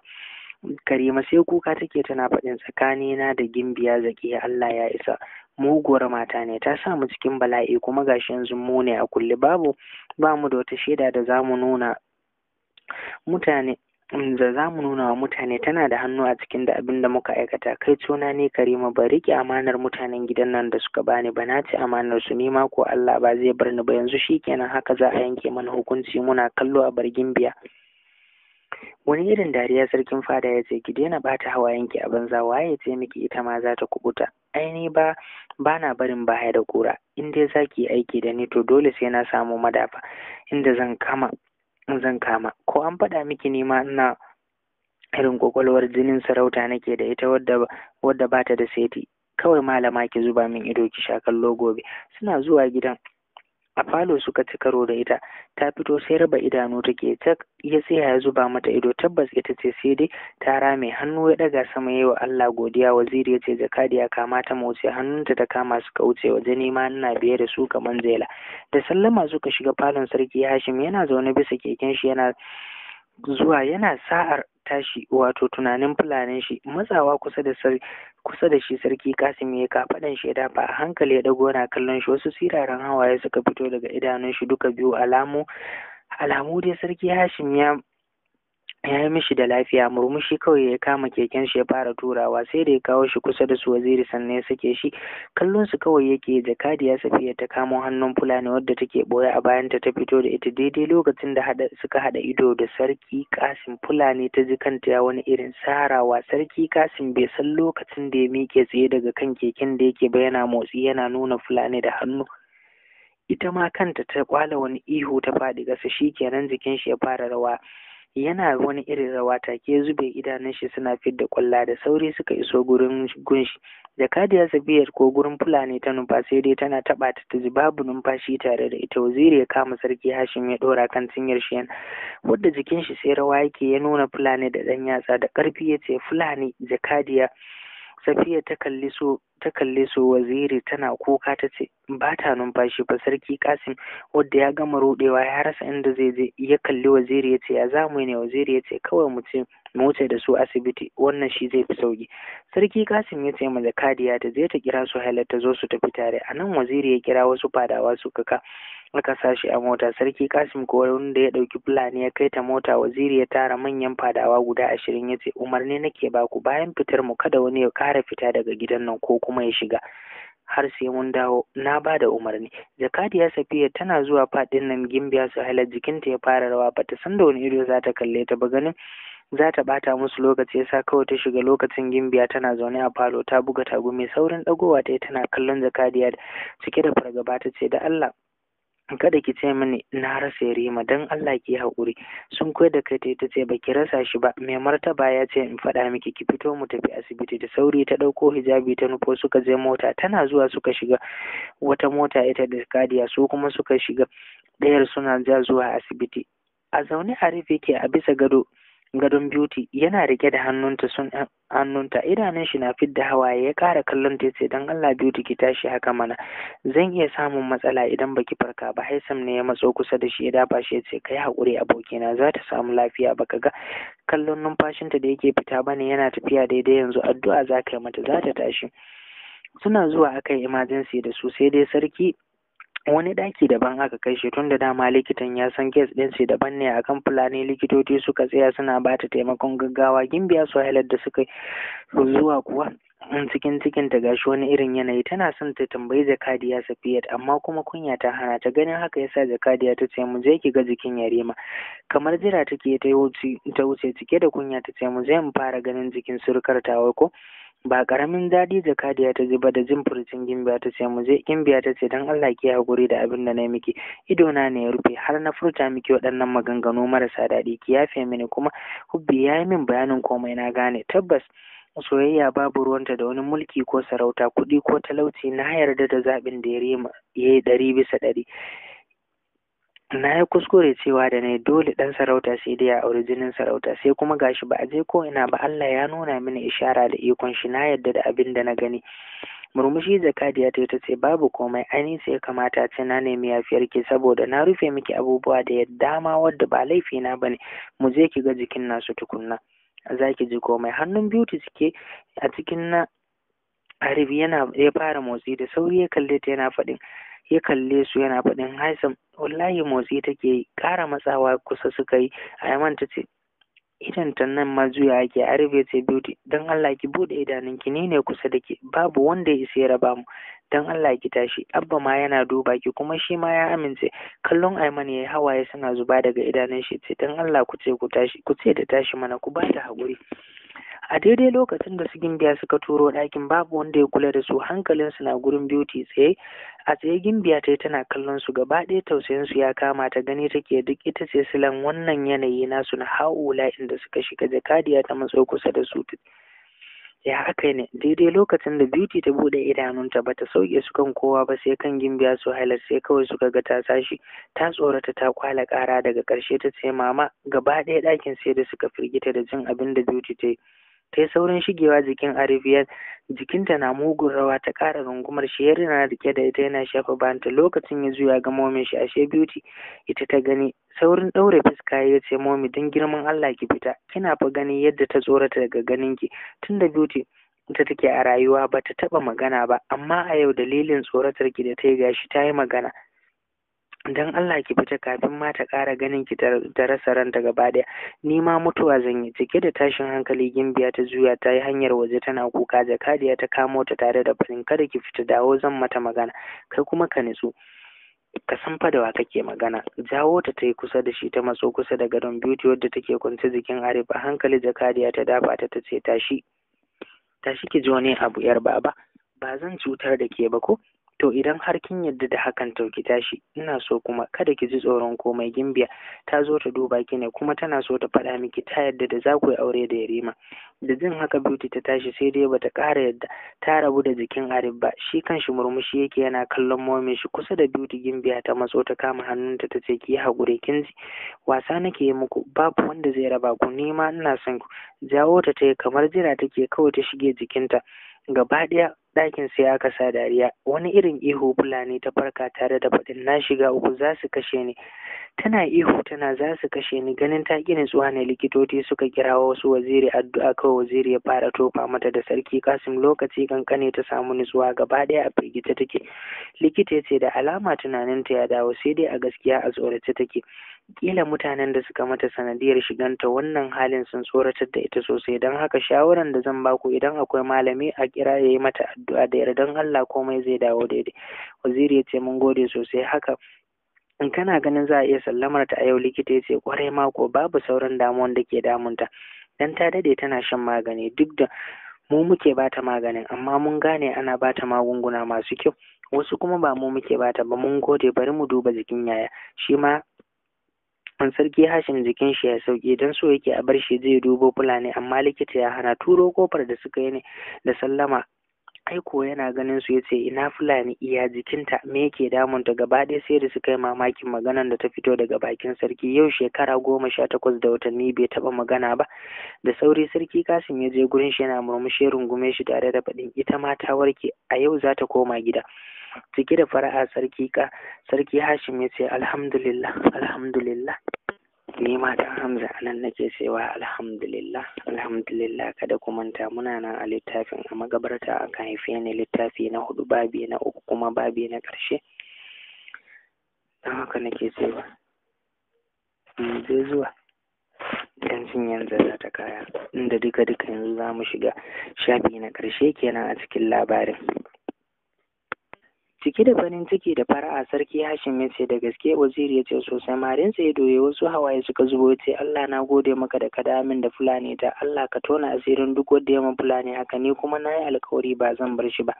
karima sai kuka take tana faɗin tsakanina da gimbiya zakiya Allah ya isa muguwar mata ne ta sa cikin bala'i kuma gashi yanzu mu ne a kulle babu ba mu da wata shaida da za mu nuna mutane da za mu nuna wa mutane tana da hannu a cikin da abin da muka aikata kai tsona ne karima ba riƙe amanar mutanen gidan nan da suka bani ba na ci amanar su nima ko Allah ba zai bar ni ba yanzu shi kenan haka za a yanke mana hukunci muna kallo a bargin biya wani irin dariya sarkin fada ya ce ki daina hawa yanki a banza waye ce miki ita ma za ta kubuta ni ba ba na barin baya da kura in dai za ki aiki da ni to dole sai na samu madafa inda zan kama zan kama ko an faɗa miki ne ma ina irin kwakwalwar jinin sarauta nake da ita wadda wadda bata da seti kawai malama ki zuba min ido ki sha kallo gobe suna zuwa gidan a falo suka ci karo da ita ta fito sai raba idanu take ta ya tsaya ya zuba mata ido tabbas ita ce sai dai ta rame hannu ya daga sama yayi wa Allah godiya waziri ya ce jakadiya kama ta motsi hannunta ta kama suka wuce waje nema ina biye da su kamar zela da sallama suka shiga falon sarki Hashim yana zaune bisa keken shi yana zuwa yana sa'ar tashi wato tunanin fulanin shi matsawa kusa da kusa da shi sarki kasim ya kafaɗan shi ya a hankali ya dago yana kallon shi wasu siraran hawaye suka fito daga idanun shi duka biyu alamu alamu dai sarki hashim ya ya yi mishi da lafiya murmushi kawai ya kama keken shi ya fara turawa sai da ya kawo shi kusa da su waziri sannan ya sake shi kallon su kawai yake jakadiya ya ta kamo hannun fulani wadda take boye a bayanta ta fito da ita daidai lokacin da suka hada ido da sarki kasim fulani ta ji kanta ya wani irin sarawa sarki kasim bai san lokacin da ya miƙe tsaye daga kan keken da yake ba yana motsi yana nuna fulani da hannu ita ma kanta ta kwala wani ihu ta faɗi ƙasa kenan jikin shi ya fara rawa yana wani irin rawa take zube idanun shi suna fidda kwalla da sauri suka iso gurin gunshi jakadiya sabiyar ko gurin fulani ta nufa dai tana taba ta ji babu numfashi tare da ita waziri ya kama sarki hashim ya dora kan cinyar shi yana wadda jikin shi sai rawa yake ya nuna fulani da dan yatsa da karfi yace ce fulani jakadiya safiya ta kalli so ta kalle su waziri tana kuka ta ce ba ta numfashi ba sarki kasim wadda ya gama rudewa ya rasa inda zai je ya kalli waziri ya ce ya za mu ne waziri ya ce kawai mu ce mu wuce da su asibiti wannan shi zai fi sauki sarki kasim ya ce ma jakadiya ta je ta kira su halar ta zo su tafi tare a nan waziri ya kira wasu fadawa su kaka aka sa shi a mota sarki kasim ko wanda ya ɗauki fulani ya kai ta mota waziri ya tara manyan fadawa guda ashirin ya ce umarni nake baku bayan fitar mu kada wani ya kara fita daga gidan nan ko kuma kuma ya shiga har sai mun dawo na ba da umarni jakadiya safiya tana zuwa faɗin nan gimbiya su halar jikinta ya fara rawa bata san da wani ido za ta kalle ta ba ganin za ta ɓata musu lokaci ya sa kawai ta shiga lokacin gimbiya tana zaune a falo ta buga tagu mai saurin ɗagowa ta yi tana kallon jakadiya cike da fargaba ta ce da allah kada ki ce mini na rasa yarima don Allah ki haƙuri sun koyar da kai ta ce baki rasa shi ba mai martaba ya ce in faɗa miki ki fito mu tafi asibiti da sauri ta ɗauko hijabi ta nufo suka je mota tana zuwa suka shiga wata mota ita da kadiya su kuma suka shiga ɗayar suna ja zuwa asibiti a zaune a rufe ke a bisa gado gadon beauty yana rike da hannunta sun hannunta idanun shi na fidda hawaye ya kara kallon ta sai dan Allah beauty ki tashi haka mana zan iya samun matsala idan baki farka ba Haisam ne ya matso kusa da shi ya dafa shi yace kai hakuri abokina za ta samu lafiya baka ga kallon numfashinta da yake fita bane yana tafiya daidai yanzu addu'a za ka yi mata za ta tashi suna zuwa aka yi emergency da su sai dai sarki wani ɗaki daban aka kai shi da dama likitan ya san kes ɗin shi daban ne akan fulani likitoci suka tsaya suna ba ta taimakon gaggawa gimbiya su halar da suka zuwa kuwa in cikin cikin ta gashi wani irin yanayi tana son ta tambayi jakadiya safiyat amma kuma kunya ta hana ta ganin haka yasa jakadiya ta ce mu je ki ga jikin yarima kamar jira take ta wuce cike da kunya ta ce mu je mu fara ganin jikin surukar ta ko ba karamin daɗi jakadiya ta ji ba da jin furcin gimbiya ta ce mu je gimbiya ta ce don Allah ki hakuri da abin da na miki Ido na, ne ya rufe har na furta miki waɗannan maganganu marasa daɗi ki yafe mini kuma hubbi ya yi min bayanin komai na gane tabbas soyayya babu ruwanta da wani mulki ko sarauta kuɗi ko talauci na yarda da zaɓin da ya yi ɗari bisa ɗari na yi kuskure cewa da na dole ɗan sarauta sai dai a auri jinin sarauta sai kuma gashi ba a je ko ina ba Allah ya nuna mini ishara da ikon shi na yadda da abin da na gani murmushi jakadiya ta ta ce babu komai Ani sai ya kamata ce na nemi yafiyar ki saboda na rufe miki abubuwa da yadda ma wadda ba laifi na bane mu je ki ga jikin nasu tukunna za ki ji komai hannun beauty suke a cikin na Arif yana ya fara motsi da sauri ya kalle ta yana faɗin ya kalle su yana faɗin haizam wallahi motsi take yi ƙara matsawa kusa suka yi yaman ta ce idan ta nan ma juya ake a rufe ce beauty don Allah ki buɗe idanunki, ki ne kusa da ke babu wanda ya isa ya raba mu don Allah ki tashi abba ma yana duba ki kuma shi ma ya amince kallon Aiman yi hawaye suna zuba daga idanun shi ce don Allah ku ce ku tashi ku ce da tashi mana ku ba ta haƙuri a daidai lokacin da su gimbiya suka turo ɗakin babu wanda ya kula da su hankalin su na gurin beauty tsaye a tsaye gimbiya ta yi tana kallon su gaba ɗaya tausayin su ya kama ta gani take duk ita ce silan wannan yanayi nasu na haula inda suka shiga jakadiya ta matso kusa da su ya haka ne daidai lokacin da beauty ta bude idanunta bata sauke su kan kowa ba sai kan gimbiya su halar sai kawai suka ga ta sashi ta tsorata ta kwala kara daga karshe ta ce mama gaba ɗaya ɗakin sai da suka firgita da jin abin da beauty ta yi ta yi saurin shigewa jikin arifiyar jikinta na mugun rawa ta ƙara rungumar shi ya na rike da ita yana shafa banta lokacin ya juya ga momin shi ashe beauty ita ta gani saurin ɗaure fuska ya ce momi don girman Allah ki fita kina fa gani yadda ta tsorata daga ganin ki tunda beauty ita take a rayuwa ba ta taɓa magana ba amma a yau dalilin tsoratar ki da ta yi gashi ta yi magana don Allah ki fita kafin ma ta ƙara ganin ki ta rasa ranta gaba ni ma mutuwa zan yi cike da tashin hankali gimbiya ta juya ta yi hanyar waje tana kuka jakadiya ta kamo ta tare da farin kada ki fita dawo zan mata magana kai kuma ka nitsu ka san fa da wa kake magana jawo ta ta yi kusa da shi ta matso kusa da gadon beauty wadda take kwance jikin arifa hankali jakadiya ta dafa ta ta ce tashi tashi ki ji wani abu yar baba ba zan cutar da ke ba ko to idan har kin yadda da hakan to ki tashi ina so kuma kada ki ji tsoron komai gimbiya ta zo ta duba ki ne kuma tana so ta faɗa miki ta yadda da za ku yi aure da yarima da jin haka beauty ta tashi sai dai bata ƙara yadda ta rabu da jikin arif ba shi kan shi murmushi yake yana kallon momin shi kusa da beauty gimbiya ta matso ta kama hannunta ta ce ki yi haƙuri kin ji wasa nake yi muku babu wanda zai raba ku ni ma ina son ku jawo ta ta kamar jira take kawai ta shige jikinta gaba ɗaya ɗakin sai aka sa dariya wani irin ihu fulani ta farka tare da faɗin na shiga uku za su kashe ni tana ihu tana za su kashe ni ganin ta ƙi nutsuwa ne likitoci suka kirawo wasu waziri addu'a kawai waziri ya fara tofa mata da sarki kasim lokaci kankane ta samu nutsuwa gaba ɗaya a firgita take likita ya ce da alama tunanin ta ya dawo sai dai a gaskiya a tsorace take kila mutanen da suka mata sanadiyar shiganta wannan halin sun tsoratar da ita sosai don haka shawaran da zan baku idan akwai malami a kira ya yi mata addu'a da yardan Allah komai zai dawo daidai waziri ya ce mun gode sosai haka in kana ganin za a iya sallamar ta a yau likita ya ce kwarai mako babu sauran damuwan da ke damunta dan ta dade tana shan magani duk da mu muke bata maganin amma mun gane ana bata magunguna masu kyau wasu kuma ba mu muke bata ba mun gode bari mu duba jikin yaya shi ma an sarki hashim jikin shi ya sauki dan so yake a bar shi zai dubo fulani amma likita ya hana turo kofar da suka yi ne da sallama aiko yana ganin su yace ina fulani iya jikinta me yake damunta gaba ɗaya sai da suka yi mamakin maganar da ta fito daga bakin sarki yau shekara goma sha takwas da watanni bai taɓa magana ba da sauri sarki kasim ya je gurin shi yana murmushi rungume shi tare da faɗin ita ma ta warke a yau za ta koma gida cike da fara'a sarki ka sarki hashim ya ce alhamdulillah alhamdulillah ni matan Hamza a nan nake cewa alhamdulillah alhamdulillah kada ku manta muna nan a littafin a magabarta kan haife ni littafi na hudu babi na uku kuma babi na ƙarshe don haka nake cewa zai zuwa don jin yanzu za ta kaya inda duka duka yanzu za mu shiga shafi na ƙarshe kenan a cikin labarin cike da farin ciki da fara'a sarki hashim ya ce da gaske waziri ya ce sosai marin sai doye wasu hawaye suka zubo ya ce allah na gode maka da kadamin da fulani ta allah ka tona asirin duk wanda ya ma fulani haka ni kuma na yi alkawari ba zan bar shi ba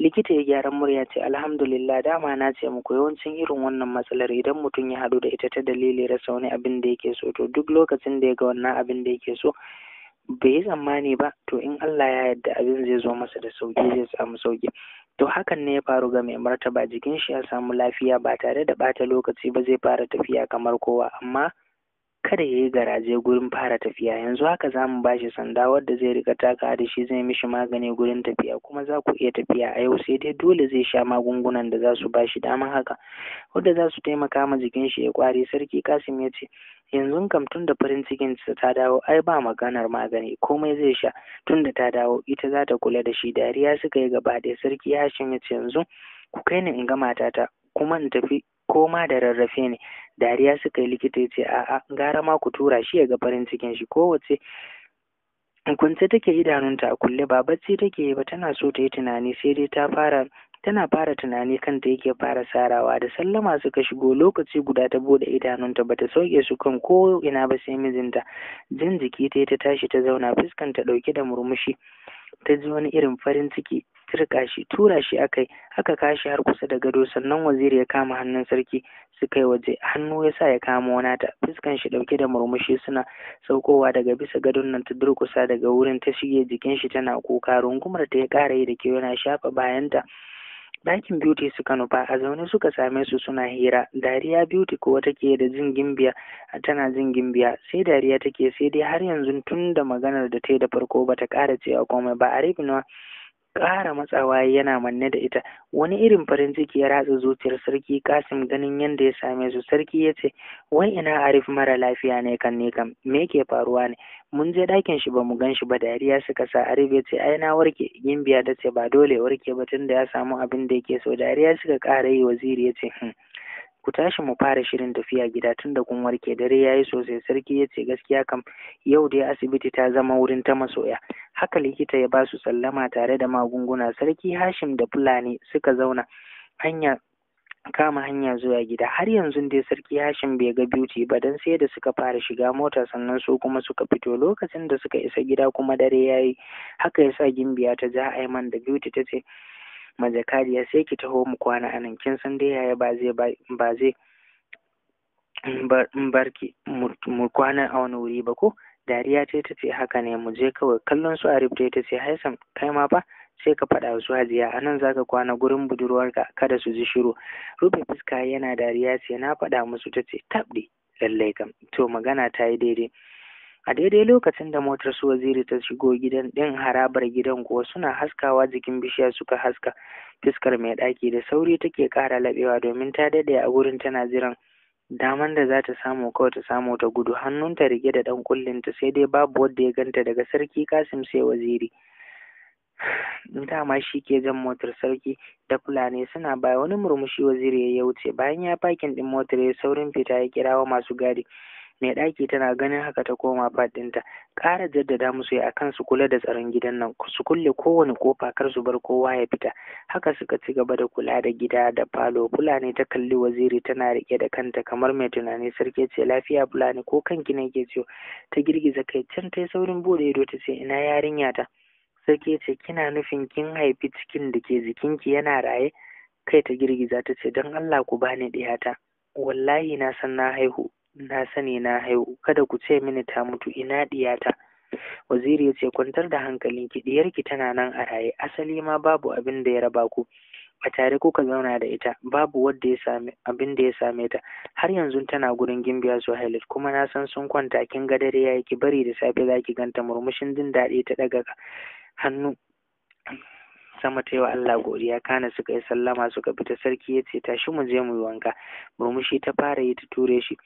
likita ya gyara murya ce alhamdulillah dama na ce muku yawancin irin wannan matsalar idan mutum ya haɗu da ita ta dalili rasa wani abin da yake so to duk lokacin da ya ga wannan abin da yake so bai yi tsammani ba to in Allah ya yarda abin zai zo masa da sauki zai samu sauki to hakan ne ya faru ga mai martaba jikin shi ya samu lafiya ba tare da ɓata lokaci ba zai fara tafiya kamar kowa amma kada ya yi garaje gurin fara tafiya yanzu haka za mu shi sanda wadda zai rika taka da shi zai mishi magani gurin tafiya kuma za ku iya tafiya a yau sai dai dole zai sha magungunan da za su bashi daman haka wadda za su taimaka ma jikin shi ya kwari sarki kasim ya ce yanzu kam tun da farin cikin ta dawo ai ba maganar magani komai zai sha tun da ta dawo ita za ta kula da shi dariya suka yi gaba ɗaya sarki hashim ya ce yanzu ku kai ni in ga matata kuma in tafi ko ma da rarrafe ne dariya suka yi likita ya ce a'a gara ma ku tura shi ya ga farin cikin shi kowace kunce take idanunta a kulle ba bacci take yi ba tana so ta yi tunani sai dai ta fara tana fara tunani kanta yake fara sarawa da sallama suka shigo lokaci guda ta bude idanunta bata sauke su kan ko ina ba sai mijinta Jan jiki ta ta tashi ta zauna fuskanta dauke da murmushi ta ji wani irin farin ciki turka shi tura shi akai haka kashi har kusa da gado sannan waziri ya kama hannun sarki su kai waje hannu ya sa ya kama wani ta fuskan shi dauke da murmushi suna saukowa daga bisa gadon nan ta durkusa daga wurin ta shige jikin shi tana kuka rungumar ta ya kara yi da ke yana shafa bayanta dakin beauty suka nufa a zaune suka same su suna hira dariya beauty kuwa take da jin gimbiya tana jin gimbiya sai dariya take sai dai har yanzu tun da maganar da ta yi da farko bata ƙara cewa komai ba a ribinwa ƙara matsawa yana manne da ita wani irin farin ciki ya ratsa zuciyar sarki kasim ganin yadda ya same su sarki ya ce wai ina arif mara lafiya ne kan ne kam me ke faruwa ne mun je ɗakin shi mu gan shi ba dariya suka sa arif ya ce ai na warke gimbiya ta ce ba dole warke ba tunda ya samu abin da yake so dariya suka ƙara yi waziri ya ce hmm. ku tashi mu fara shirin tafiya gida tun da kun warke dare yayi sosai sarki ya ce gaskiya kam yau dai asibiti ta zama wurin ta masoya haka likita ya basu sallama tare da magunguna sarki hashim da fulani suka zauna hanya kama hanya zuwa gida har yanzu dai sarki hashim bai ga beauty ba dan sai da suka fara shiga mota sannan su kuma suka fito lokacin da suka isa gida kuma dare yayi haka yasa gimbiya ta ja aiman da beauty ta ce majakadiya sai ki taho mu kwana anan kin san dai yaya ba zai ba zai bar ki mu kwana a wani wuri ba ko dariya ta ta ce haka ne mu je kawai kallon su a ta ta ce haisan kai ma fa sai ka faɗa su hajiya a nan zaka kwana gurin budurwarka kada su ji shiru rufe fuska yana dariya ce na faɗa musu ta ce tabɗi lallai kam to magana ta yi daidai a daidai lokacin da motar su waziri ta shigo gidan din harabar gidan kuwa suna haskawa jikin bishiya suka haska Fiskar mai ɗaki da sauri take ƙara laɓewa domin ta daɗe a gurin tana jiran daman da za ta samu kawai ta samu ta gudu hannunta rike da ɗan ta sai dai babu wanda ya ganta daga sarki kasim sai waziri dama shi ke jan motar sarki da fulani suna baya wani murmushi waziri ya wuce bayan ya fakin ɗin motar ya saurin fita ya kirawo masu gadi mai ɗaki tana ganin haka ta koma fat ɗinta ƙara jaddada musu ya kan su kula da tsaron gidan nan su kulle kowane kofa kar su bar kowa ya fita haka suka ci gaba da kula da gida da falo fulani ta kalli waziri tana riƙe da kanta kamar mai tunani sarki ce lafiya fulani ko kanki ne ke ciwo ta girgiza kai can ta yi saurin bude ido ta ce ina yarinya ta sarki ce kina nufin kin haifi cikin da ke jikinki yana raye kai ta girgiza ta ce don allah ku bani ɗiyata wallahi na san na haihu na sani na haihu kada ku ce mini ta mutu ina diyata waziri ya ce kwantar da hankalinki diyarki tana nan a raye asali ma babu abin da ya raba ku a tare kuka zauna da ita babu wadda ya same abin da ya same ta har yanzu tana gurin gimbiya su hailit kuma na san sun kwanta kin ga dare yayi ki bari da safe zaki ganta murmushin jin daɗi ta ɗaga hannu sama ta yi wa Allah godiya kana suka yi sallama suka fita sarki ya ce tashi mu je mu yi wanka murmushi ta fara yi ta ture shi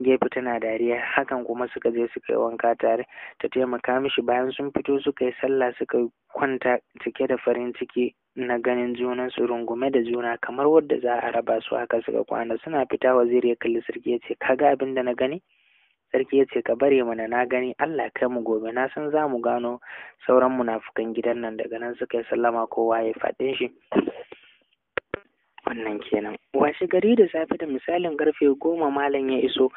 gefe tana dariya hakan kuma suka je suka yi wanka tare ta taimaka mishi bayan sun fito suka yi sallah suka kwanta cike da farin ciki na ganin junan su rungume da juna kamar wadda za a raba su haka suka kwana suna fita waziri ya kalli sarki ya ce kaga abin da na gani sarki ya ce ka bare mana na gani Allah kai mu gobe na san za mu gano sauran munafukan gidan nan daga nan suka yi sallama kowa ya faɗin shi wannan kenan washe gari da safe da misalin karfe goma malam ya iso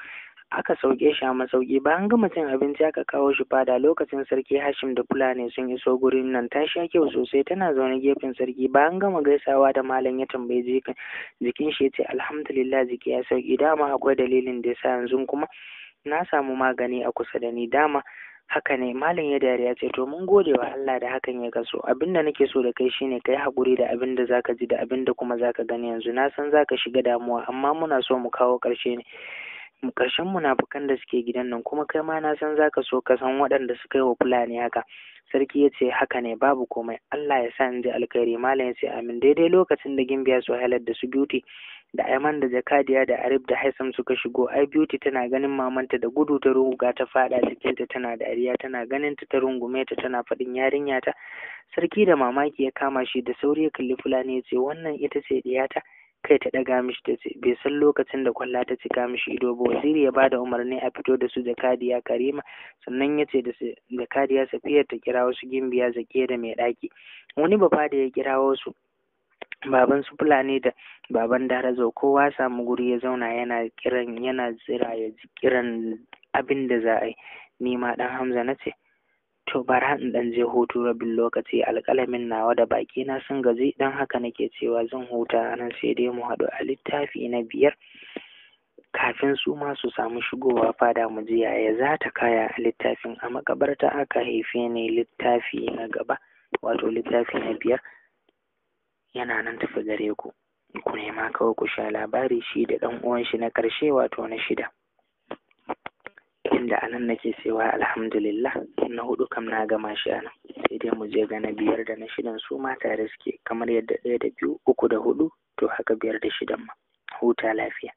aka sauke shi a masauki bayan gama cin abinci aka kawo shi fada lokacin sarki hashim da fulani sun iso gurin nan ta sha kyau sosai tana zaune gefen sarki bayan gama gaisawa da malam ya tambayi jikin jikin shi ya ce alhamdulillah jiki ya sauki dama akwai dalilin da ya sa yanzu kuma na samu magani a kusa da ni dama haka ne malam ya dariya ce to mun gode wa Allah da hakan ya kaso abin da nake so da kai shine kai hakuri da abin da zaka ji da abin kuma zaka gani yanzu na san zaka shiga damuwa amma muna so mu kawo karshe ne mu munafukan da suke gidan nan kuma kai ma na san zaka so ka san waɗanda suka yi wa fulani haka sarki ya ce haka ne babu komai Allah ya sa in ji alkhairi malam ya ce amin daidai lokacin da gimbiya su halar da su beauty da Aiman da Jakadiya da Arif da Haisam suka shigo ai Beauty tana ganin mamanta da gudu ta ruga ta fada jikinta tana dariya tana ganin ta ta rungume ta tana faɗin yarinya ta sarki da mamaki ya kama shi da sauri ya kalli Fulani ya ce wannan ita ce diyata kai ta ɗaga mishi ta ce bai san lokacin da kwalla ta cika mishi ido ba waziri ya bada umarni a fito da su jakadiya karima sannan ya ce da jakadiya safiyar ta kira wasu gimbiya zakiya da mai ɗaki wani bafa da ya kira wasu baban su fulani da baban darazo kowa samu guri ya zauna yana kiran yana tsira ya ji kiran abin da za a yi ni ma dan hamza na ce to bara in dan je hutu rabin lokaci alƙalamin nawa da baki na sun gaji dan haka nake cewa zan huta nan sai dai mu haɗu a littafi na biyar kafin su ma su samu shigowa fada mu ji yaya za ta kaya a littafin a makabarta aka haife ne littafi na gaba wato littafi na biyar yana nan tafi gare ku ku nema kawai ku sha labari shi da ɗan uwan shi na ƙarshe wato na shida inda anan nake cewa alhamdulillah na hudu kam na gama shi a sai dai mu je ga na biyar da na shidan su ma tare suke kamar yadda ɗaya da biyu uku da hudu to haka biyar da shidan ma huta lafiya